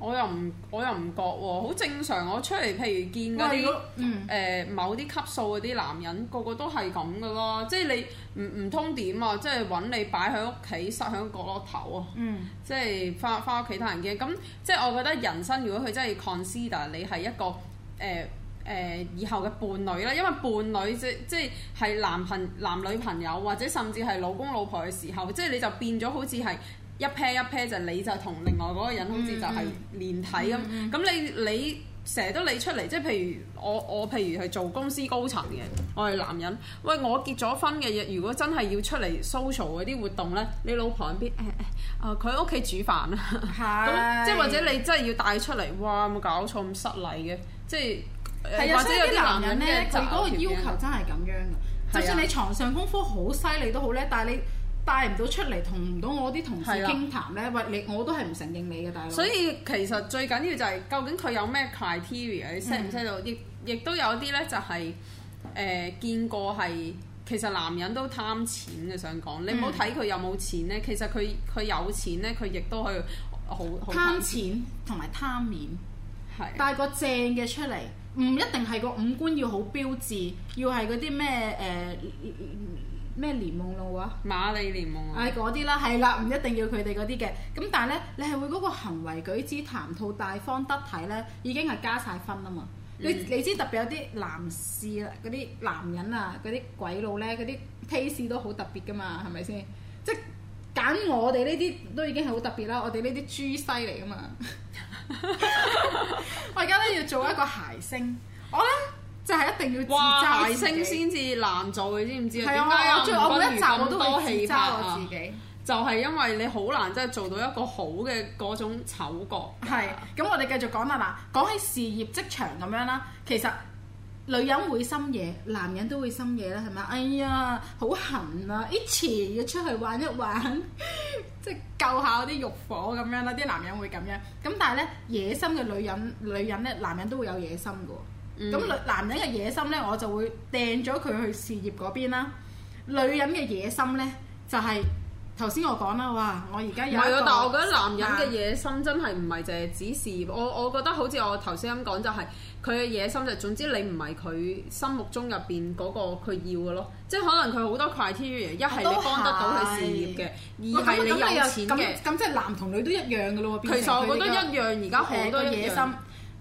我又唔我又唔覺喎、啊，好正常。我出嚟，譬如見嗰啲誒某啲級數嗰啲男人，個個都係咁噶咯。即係你唔唔通點啊？即係揾你擺喺屋企，塞喺角落頭啊！嗯、即係返返屋企睇人嘅。咁即係我覺得人生，如果佢真係 consider 你係一個誒誒、呃呃、以後嘅伴侶啦，因為伴侶即即係男朋男女朋友或者甚至係老公老婆嘅時候，即係你就變咗好似係。一 pair 一 pair 就你就同另外嗰個人好似就係連體咁，咁、嗯、你你成日都理出嚟，即係譬如我我譬如係做公司高層嘅，我係男人，喂我結咗婚嘅嘢，如果真係要出嚟 social 嗰啲活動咧，你老婆喺邊？誒誒啊，佢喺屋企煮飯啊，係的， 即係或者你真係要帶出嚟，哇冇搞錯咁失禮嘅，即係、呃、的或者有啲男人咧，佢嗰個要求真係咁樣嘅，的就算你床上功夫好犀利都好叻，但係你。帶唔到出嚟，同唔到我啲同事傾談咧，的喂你我都係唔承認你嘅大佬。所以其實最緊要就係究竟佢有咩 criteria 你 set 唔 set 到，亦亦、嗯、都有一啲咧就係、是、誒、呃、見過係其實男人都貪錢嘅，想講你唔好睇佢有冇錢咧，嗯、其實佢佢有錢咧，佢亦都去好貪錢同埋貪面，係的帶個正嘅出嚟，唔一定係個五官要好標誌，要係嗰啲咩誒。呃呃呃呃咩蓮夢露喎，啊、瑪麗蓮夢露啊！誒嗰啲啦，係啦，唔一定要佢哋嗰啲嘅。咁但係咧，你係會嗰個行為舉止談吐大方得體咧，已經係加晒分啊嘛。嗯、你你知特別有啲男士嗰啲男人啊嗰啲鬼佬咧，嗰啲 taste 都好特別噶嘛，係咪先？即係揀我哋呢啲都已經係好特別啦，我哋呢啲豬西嚟噶嘛。我而家咧要做一個諧星，我咧。就係一定要自責先至難做，嘅，知唔知啊？係啊，我有 我每一集我都好自責我自己。 就係因為你好難真係做到一個好嘅嗰種醜角。係，咁我哋繼續講啦嗱，講起事業職場咁樣啦，其實女人會心野，男人都會心野啦，係咪？哎呀，好痕啊，以前要出去玩一玩，即 係救下啲慾火咁樣啦，啲男人會咁樣。咁但係咧，野心嘅女人，女人咧，男人都會有野心嘅喎。咁男、嗯、男人嘅野心咧，我就會掟咗佢去事業嗰邊啦。嗯、女人嘅野心咧，就係頭先我講啦，哇！我而家有、啊，但係我覺得男人嘅野心真係唔係淨係指事業，嗯、我我覺得好似我頭先咁講就係佢嘅野心就係、總之你唔係佢心目中入邊嗰個佢要嘅咯，即係可能佢好多 criteria，一係你幫得到佢事業嘅，是二係你有錢嘅。咁即係男同女都一樣嘅咯。其實我覺得一樣，而家好多野心。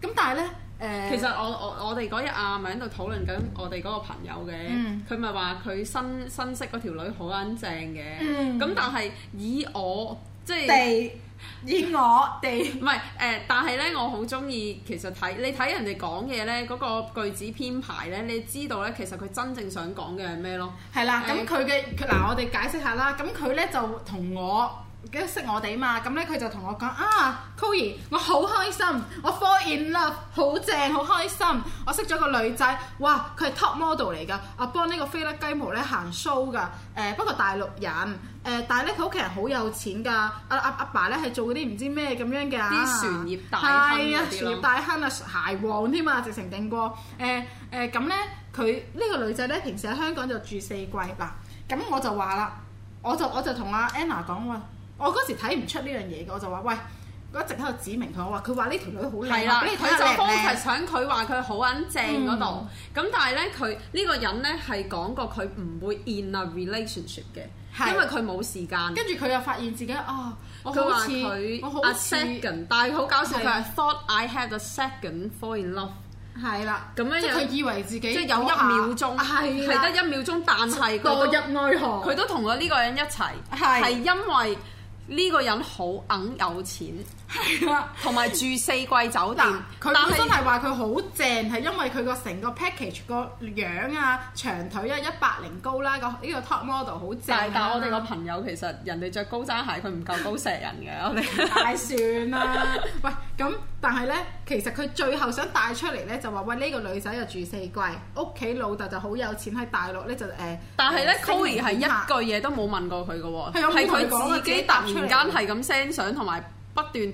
咁但係咧？其實我我我哋嗰日啊咪喺度討論緊我哋嗰個朋友嘅，佢咪話佢新新識嗰條女好撚正嘅，咁、嗯、但係以我即係、就是、以我哋，唔係誒，但係咧我好中意其實睇你睇人哋講嘢咧嗰個句子編排咧，你知道咧其實佢真正想講嘅係咩咯？係啦、嗯，咁佢嘅嗱，我哋解釋下啦，咁佢咧就同我。記得識我哋嘛？咁咧，佢就同我講啊，Koey，我好開心，我 fall in love，好正，好開心。我識咗個女仔，哇！佢係 top model 嚟㗎。阿幫呢個菲律雞毛咧行 show 㗎。誒，不過大陸人誒，呃，但係咧佢屋企人好有錢㗎。阿阿阿爸咧係做嗰啲唔知咩咁樣嘅啲船業大係啊，啊啊啊船業大，啊、大亨啊，鞋王添啊，直情定過誒誒咁咧。佢，呃呃，呢、呢個女仔咧，平時喺香港就住四季嗱。咁我就話啦，我就我就同阿 Anna 講話。我嗰時睇唔出呢樣嘢嘅，我就話：喂，我一直喺度指明佢，我話佢話呢條女好靚，佢就 focus 佢話佢好穩正嗰度。咁但係咧，佢呢個人咧係講過佢唔會 in a relationship 嘅，因為佢冇時間。跟住佢又發現自己啊，我好似佢，我好黐。但係好搞笑，佢係 thought I had a second fall in love。係啦，咁樣即係佢以為自己即係有一秒鐘係得一秒鐘，但係多一愛河，佢都同我呢個人一齊，係因為。呢個人好硬，有錢，係啦，同埋住四季酒店。佢真係話佢好正，係是因為佢個成個 package 個樣啊，長腿啊，一百零高啦，個、這、呢個 top model 好正。但係，但係我哋個朋友其實 人哋着高踭鞋，佢唔夠高石人嘅， 我哋。太算啦，喂。咁、嗯，但係咧，其實佢最後想帶出嚟咧，就話喂呢、呢個女仔又住四季，屋企老豆就好有錢喺大陸咧，就、呃、誒。但係咧，Kobe 係一句嘢都冇問過佢嘅喎，係佢自己突然間係咁 send 相同埋不斷。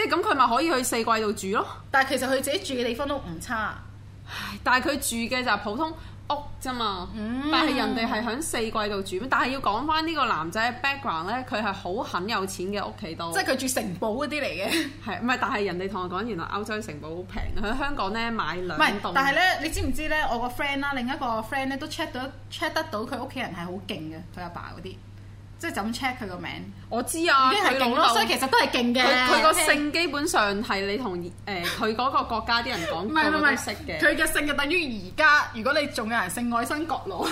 即係咁，佢咪可以去四季度住咯？但係其實佢自己住嘅地方都唔差，唉但係佢住嘅就係普通屋啫嘛。嗯、但係人哋係喺四季度住，但係要講翻呢個男仔 background 咧，佢係好很有錢嘅屋企度。即係佢住城堡嗰啲嚟嘅。係， 唔係？但係人哋同我講，原來歐洲城堡好平，佢喺香港咧買兩棟。但係咧，你知唔知咧？我個 friend 啦，另一個 friend 咧，都 check 到 check 得到佢屋企人係好勁嘅，佢阿爸嗰啲。即係就咁 check 佢個名，我知啊，已經係勁咯。所以其實都係勁嘅。佢佢個姓基本上係你同誒佢嗰個國家啲人講唔得識嘅。佢嘅姓就等於而家，如果你仲有人姓愛新覺羅，誒、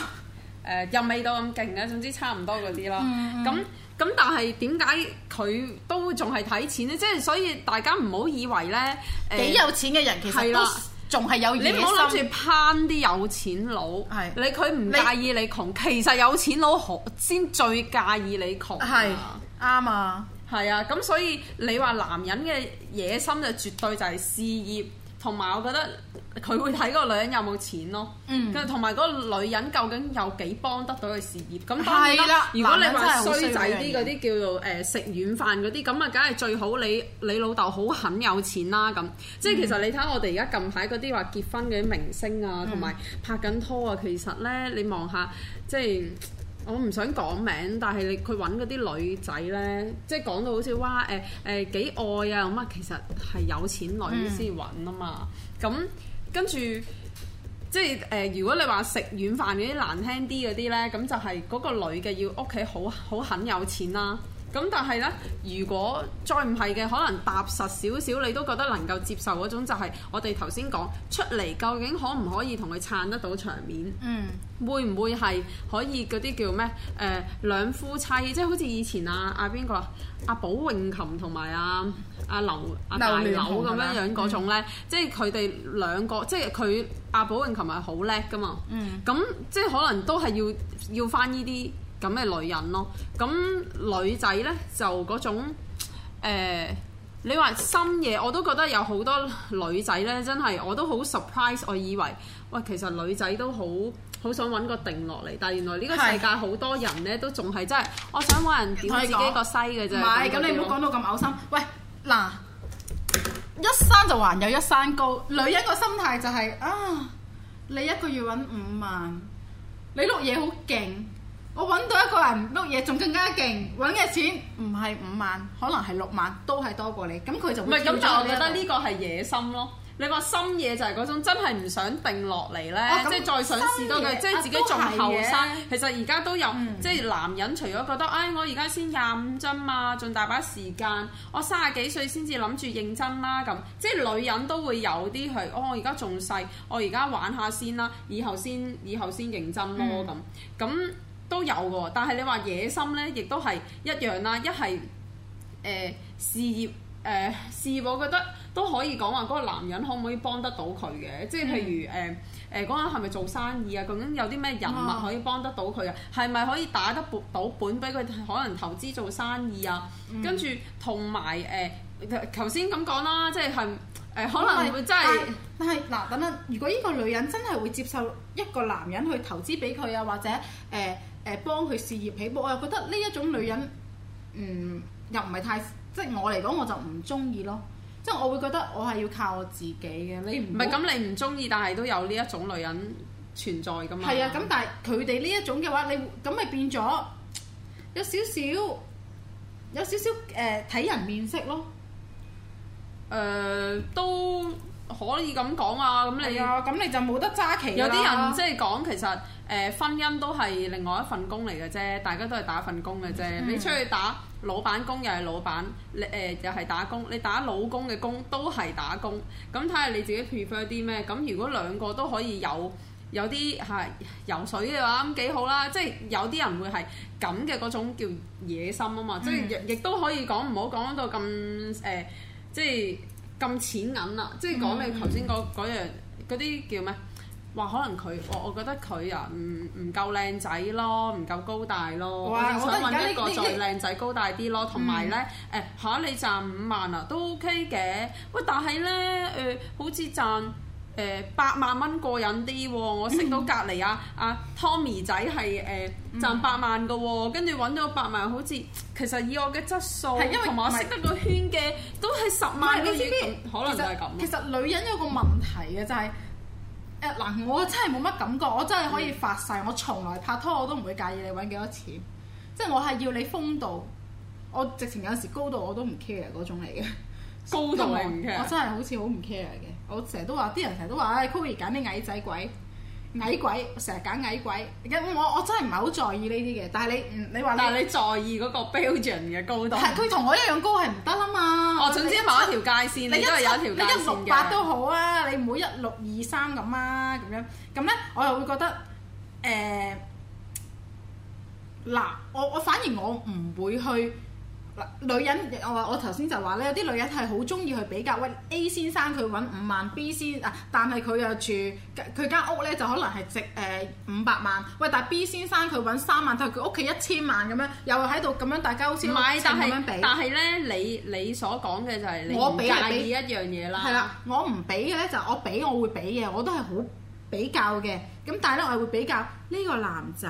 呃、又未到咁勁嘅，總之差唔多嗰啲咯。咁咁、嗯嗯、但係點解佢都仲係睇錢咧？即、就、係、是、所以大家唔好以為咧，幾、呃、有錢嘅人其實，的其實都。仲係有野心你唔好諗住攀啲有錢佬。係，你佢唔介意你窮，你其實有錢佬好先最介意你窮。係，啱啊。係啊，咁、啊、所以你話男人嘅野心就絕對就係事業。同埋我覺得佢會睇嗰個女人有冇錢咯，跟同埋嗰個女人究竟有幾幫得到佢事業，咁當然啦，如果你話係衰仔啲嗰啲叫做誒食軟飯嗰啲，咁啊梗係最好你你老豆好肯有錢啦咁。即係其實你睇我哋而家近排嗰啲話結婚嘅明星啊，同埋拍緊拖啊，其實咧你望下即係。我唔想講名，但係你佢揾嗰啲女仔呢，即係講到好似哇誒誒幾愛啊咁啊，其實係有錢女先揾啊嘛。咁、嗯、跟住即係誒、呃，如果你話食軟飯嗰啲難聽啲嗰啲呢，咁就係嗰個女嘅要屋企好好很，很肯有錢啦、啊。咁但係咧，如果再唔係嘅，可能踏實少少，你都覺得能夠接受嗰種就係我哋頭先講出嚟，究竟可唔可以同佢撐得到場面？嗯，會唔會係可以嗰啲叫咩？誒、呃、兩夫妻，即係好似以前啊啊邊個？阿寶詠琴、啊啊劉啊、劉劉同埋阿阿劉阿大劉咁樣樣嗰種咧，嗯、即係佢哋兩個，即係佢阿寶詠琴係好叻噶嘛？嗯，咁即係可能都係要要翻呢啲。咁嘅女人咯，咁、嗯、女仔呢，就嗰種、呃、你話深夜我都覺得有好多女仔呢，真係我都好 surprise，我以為，喂，其實女仔都好好想揾個定落嚟。但係原來呢個世界好多人呢，都仲係真係，我想揾人屌自己個西嘅啫。唔係，咁不你唔好講到咁嘔心。喂，嗱，一山就還有一山高，女人個心態就係、是嗯、啊，你一個月揾五萬，你碌嘢好勁。我揾到一個人碌嘢，仲更加勁，揾嘅錢唔係五萬，可能係六萬，都係多過你。咁佢就唔係咁，但我覺得呢個係野心咯。你個心嘢就係嗰種真係唔想定落嚟咧，哦、即係再想試多嘅，夜即係自己仲後生。其實而家都有，嗯、即係男人除咗覺得，唉、哎，我而家先廿五啫嘛，仲大把時間。我三十幾歲先至諗住認真啦咁。即係女人都會有啲係、哦，我而家仲細，我而家玩下先啦，以後先，以後先認真咯咁。咁、嗯都有㗎，但係你話野心呢，亦都係一樣啦。一係誒、呃、事業，誒、呃、事業，我覺得都可以講話嗰個男人可唔可以幫得到佢嘅，即係、嗯、譬如誒誒嗰陣係咪做生意啊？究竟有啲咩人物可以幫得到佢啊？係咪、哦、可以打得到本俾佢可能投資做生意啊？嗯、跟住同埋誒頭先咁講啦，即係係。誒可能會真係、啊，但係嗱、啊，等等。如果呢個女人真係會接受一個男人去投資俾佢啊，或者誒誒、呃呃、幫佢事業起步，我又覺得呢一種女人，嗯，又唔係太，即係我嚟講我就唔中意咯。即係我會覺得我係要靠我自己嘅。你唔係咁你唔中意，但係都有呢一種女人存在㗎嘛。係啊，咁但係佢哋呢一種嘅話，你咁咪變咗有少少，有少少誒睇、呃、人面色咯。誒、呃、都可以咁講啊！咁、嗯、你咁、啊、你就冇得揸旗啦。有啲人即係講其實誒、呃、婚姻都係另外一份工嚟嘅啫，大家都係打份工嘅啫。嗯、你出去打老闆工又係老闆，你誒又係打工。你打老公嘅工都係打工。咁睇下你自己 prefer 啲咩？咁如果兩個都可以有有啲係、啊、游水嘅話，咁幾好啦。即係有啲人會係咁嘅嗰種叫野心啊嘛，即係、嗯、亦亦都可以講唔好講到咁誒。呃即係咁錢銀啦、啊，即係講你頭先嗰樣嗰啲叫咩？話可能佢我我覺得佢啊唔唔夠靚仔咯，唔夠高大咯，哇我想揾一個再靚仔高大啲咯。同埋咧誒嚇你賺五萬啊都 OK 嘅，喂但係咧誒好似賺。誒、呃、八萬蚊過癮啲喎，嗯、我升到隔離啊啊 Tommy 仔係誒、呃、賺八萬嘅喎，跟住揾到八萬好似其實以我嘅質素，同埋因我識得個圈嘅是都係十萬嘅嘢，v, 可能就係咁其，其實女人有個問題嘅就係誒嗱，我真係冇乜感覺，我真係可以發誓，嗯、我從來拍拖我都唔會介意你揾幾多錢，即、就、係、是、我係要你風度，我直情有時高度我都唔 care 嗰種嚟嘅。高度，我真係好似好唔 care 嘅。我成日都話，啲人成日都話，唉，Kobe 揀啲矮仔鬼，矮鬼，我成日揀矮鬼。我我真係唔係好在意呢啲嘅。但係你，你話但係你在意嗰個標準嘅高度。係佢同我一樣高係唔得啊嘛！我、哦、總之某一,一條界線咧都有條界線嘅。你一六八都好啊，你唔好一六二三咁啊咁樣。咁咧，我又會覺得，誒、呃，嗱，我我反而我唔會去。女人我我頭先就話咧，有啲女人係好中意去比較，喂 A 先生佢揾五萬，B 先啊，但係佢又住佢間屋咧就可能係值誒五百萬，喂，但係 B 先生佢揾三萬，但係佢屋企一千萬咁樣，又喺度咁樣，大家好似買衫咁樣俾。但係咧，你你所講嘅就係你唔介意一樣嘢啦。係啦，我唔俾嘅咧就我俾，我會俾嘅，我都係好比較嘅。咁但係咧，我係會比較呢、這個男仔。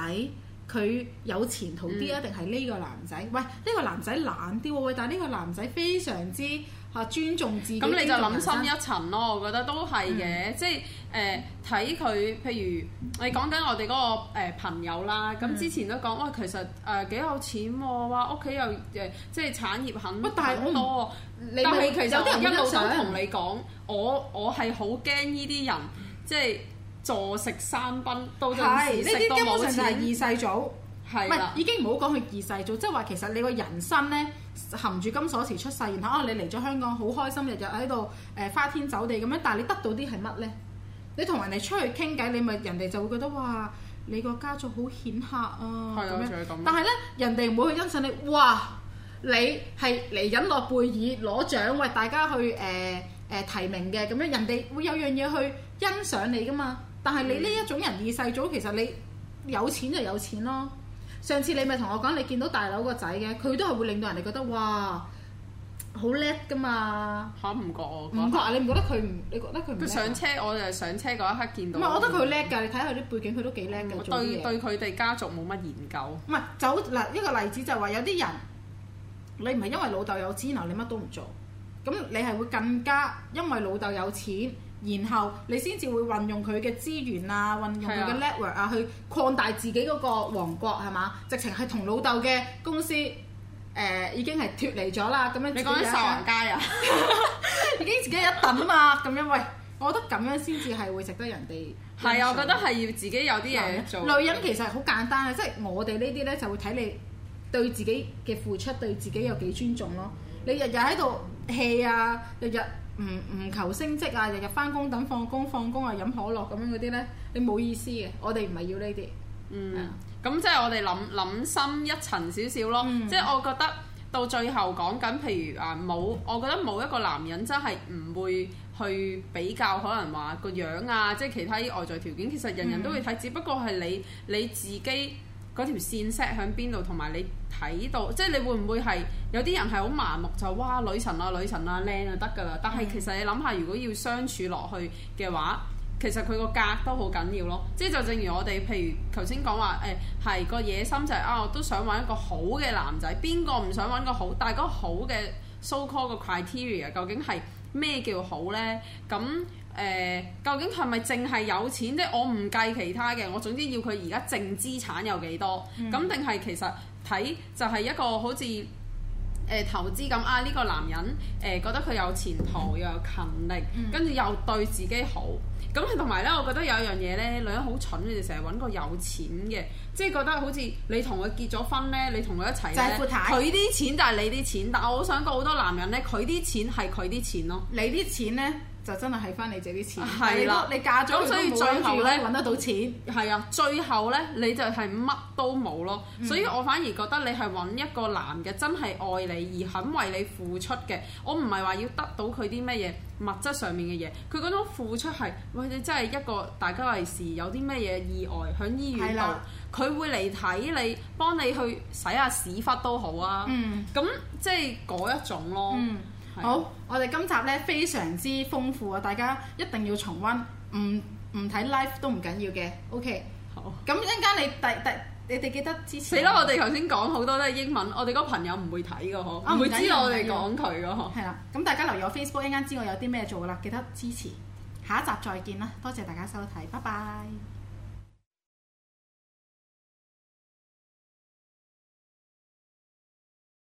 佢有前途啲啊？定係呢個男仔？嗯、喂，呢、呢個男仔懶啲喎，但係呢個男仔非常之嚇尊重自己。咁你就諗深一層咯，嗯、我覺得都係嘅，嗯、即係誒睇佢，譬如你講緊我哋嗰個朋友啦，咁、嗯、之前都講，哇、哎，其實誒幾、呃、有錢喎，哇，屋企又誒即係產業很多。但係我其實一路都同你講，我我係好驚呢啲人即係。坐食山崩，都都食到冇錢。係呢啲根本上係二世祖，係啦，已經唔好講佢二世祖，即係話其實你個人生咧含住金鎖匙出世，然後啊你嚟咗香港好開心，日日喺度誒花天酒地咁樣，但係你得到啲係乜咧？你同人哋出去傾偈，你咪人哋就會覺得哇，你個家族好顯赫啊，咁樣。但係咧，人哋唔會去欣賞你，哇！你係嚟緊諾貝爾攞獎，為大家去誒誒提名嘅咁樣，人哋會有樣嘢去欣賞你噶嘛？但係你呢一種人，嗯、二世祖，其實你有錢就有錢咯。上次你咪同我講，你見到大佬個仔嘅，佢都係會令到人哋覺得哇，好叻㗎嘛。嚇唔覺我唔覺啊！你唔覺得佢唔？你覺得佢唔？佢上車，我就上車嗰一刻見到。唔係，我覺得佢叻㗎。你睇下佢啲背景，佢都幾叻嘅。對對，佢哋家族冇乜研究。唔係，就嗱一個例子就係話有啲人，你唔係因為老豆有錢啊，你乜都唔做，咁你係會更加因為老豆有錢。然後你先至會運用佢嘅資源啊，運用佢嘅 network 啊，去擴大自己嗰個王國係嘛？直情係同老豆嘅公司誒、呃、已經係脫離咗啦。咁樣自己殺王家啊， 已經自己一等啊嘛。咁樣喂，我覺得咁樣先至係會值得人哋。係啊，我覺得係要自己有啲嘢做女。女人其實好簡單啊，即係我哋呢啲咧就會睇你對自己嘅付出，對自己有幾尊重咯。你日日喺度氣啊，日日。唔唔求升職啊！日日翻工等放工，放工啊飲可樂咁樣嗰啲呢，你冇沒意思嘅。我哋唔係要呢啲，嗯，咁吧即係我哋諗諗深一層少少咯。嗯、即係我覺得到最後講緊，譬如啊冇，我覺得冇一個男人真係唔會去比較，可能話個樣啊，即係其他啲外在條件，其實人人都會睇，嗯、只不過係你你自己。嗰條線 set 喺邊度，同埋你睇到，即係你會唔會係有啲人係好麻木就哇女神啊女神啊靚就得㗎啦？但係其實你諗下，如果要相處落去嘅話，其實佢個格，格都好緊要咯。即係就正如我哋譬如頭先講話誒，係個、欸、野心就係、是、啊，我都想揾一個好嘅男仔，邊個唔想揾個好？但係嗰個好嘅 so called 個 criteria 究竟係咩叫好呢？咁。誒、呃，究竟係咪淨係有錢啫？我唔計其他嘅，我總之要佢而家淨資產有幾多，咁定係其實睇就係一個好似誒、呃、投資咁啊！呢、這個男人誒、呃、覺得佢有前途，又有勤力，嗯、跟住又對自己好。咁同埋咧，我覺得有一樣嘢咧，女人好蠢，你哋成日揾個有錢嘅，即係覺得好似你同佢結咗婚咧，你同佢一齊，佢啲錢就係你啲錢。但我好想講好多男人咧，佢啲錢係佢啲錢咯，你啲錢咧。就真係係翻你借啲錢，係啦的，你嫁咗，所以最後咧，揾得到錢，係啊，最後咧你就係乜都冇咯。嗯、所以我反而覺得你係揾一個男嘅真係愛你而肯為你付出嘅。我唔係話要得到佢啲乜嘢物質上面嘅嘢，佢嗰種付出係，喂，你真係一個大家維時有啲乜嘢意外響醫院度，佢的會嚟睇你，幫你去洗下屎忽都好啊。咁即係嗰一種咯。嗯好，我哋今集呢非常之豐富啊！大家一定要重温，唔唔睇 life 都唔緊要嘅，OK。好。咁一陣間你第第，你哋記得支持。死啦！我哋頭先講好多都係英文，我哋個朋友唔會睇㗎嗬。啊，唔會知道我哋講佢㗎嗬。啊、係啦，咁大家留意我 Facebook 一陣間知我有啲咩做啦，記得支持。下一集再見啦，多謝大家收睇，拜拜。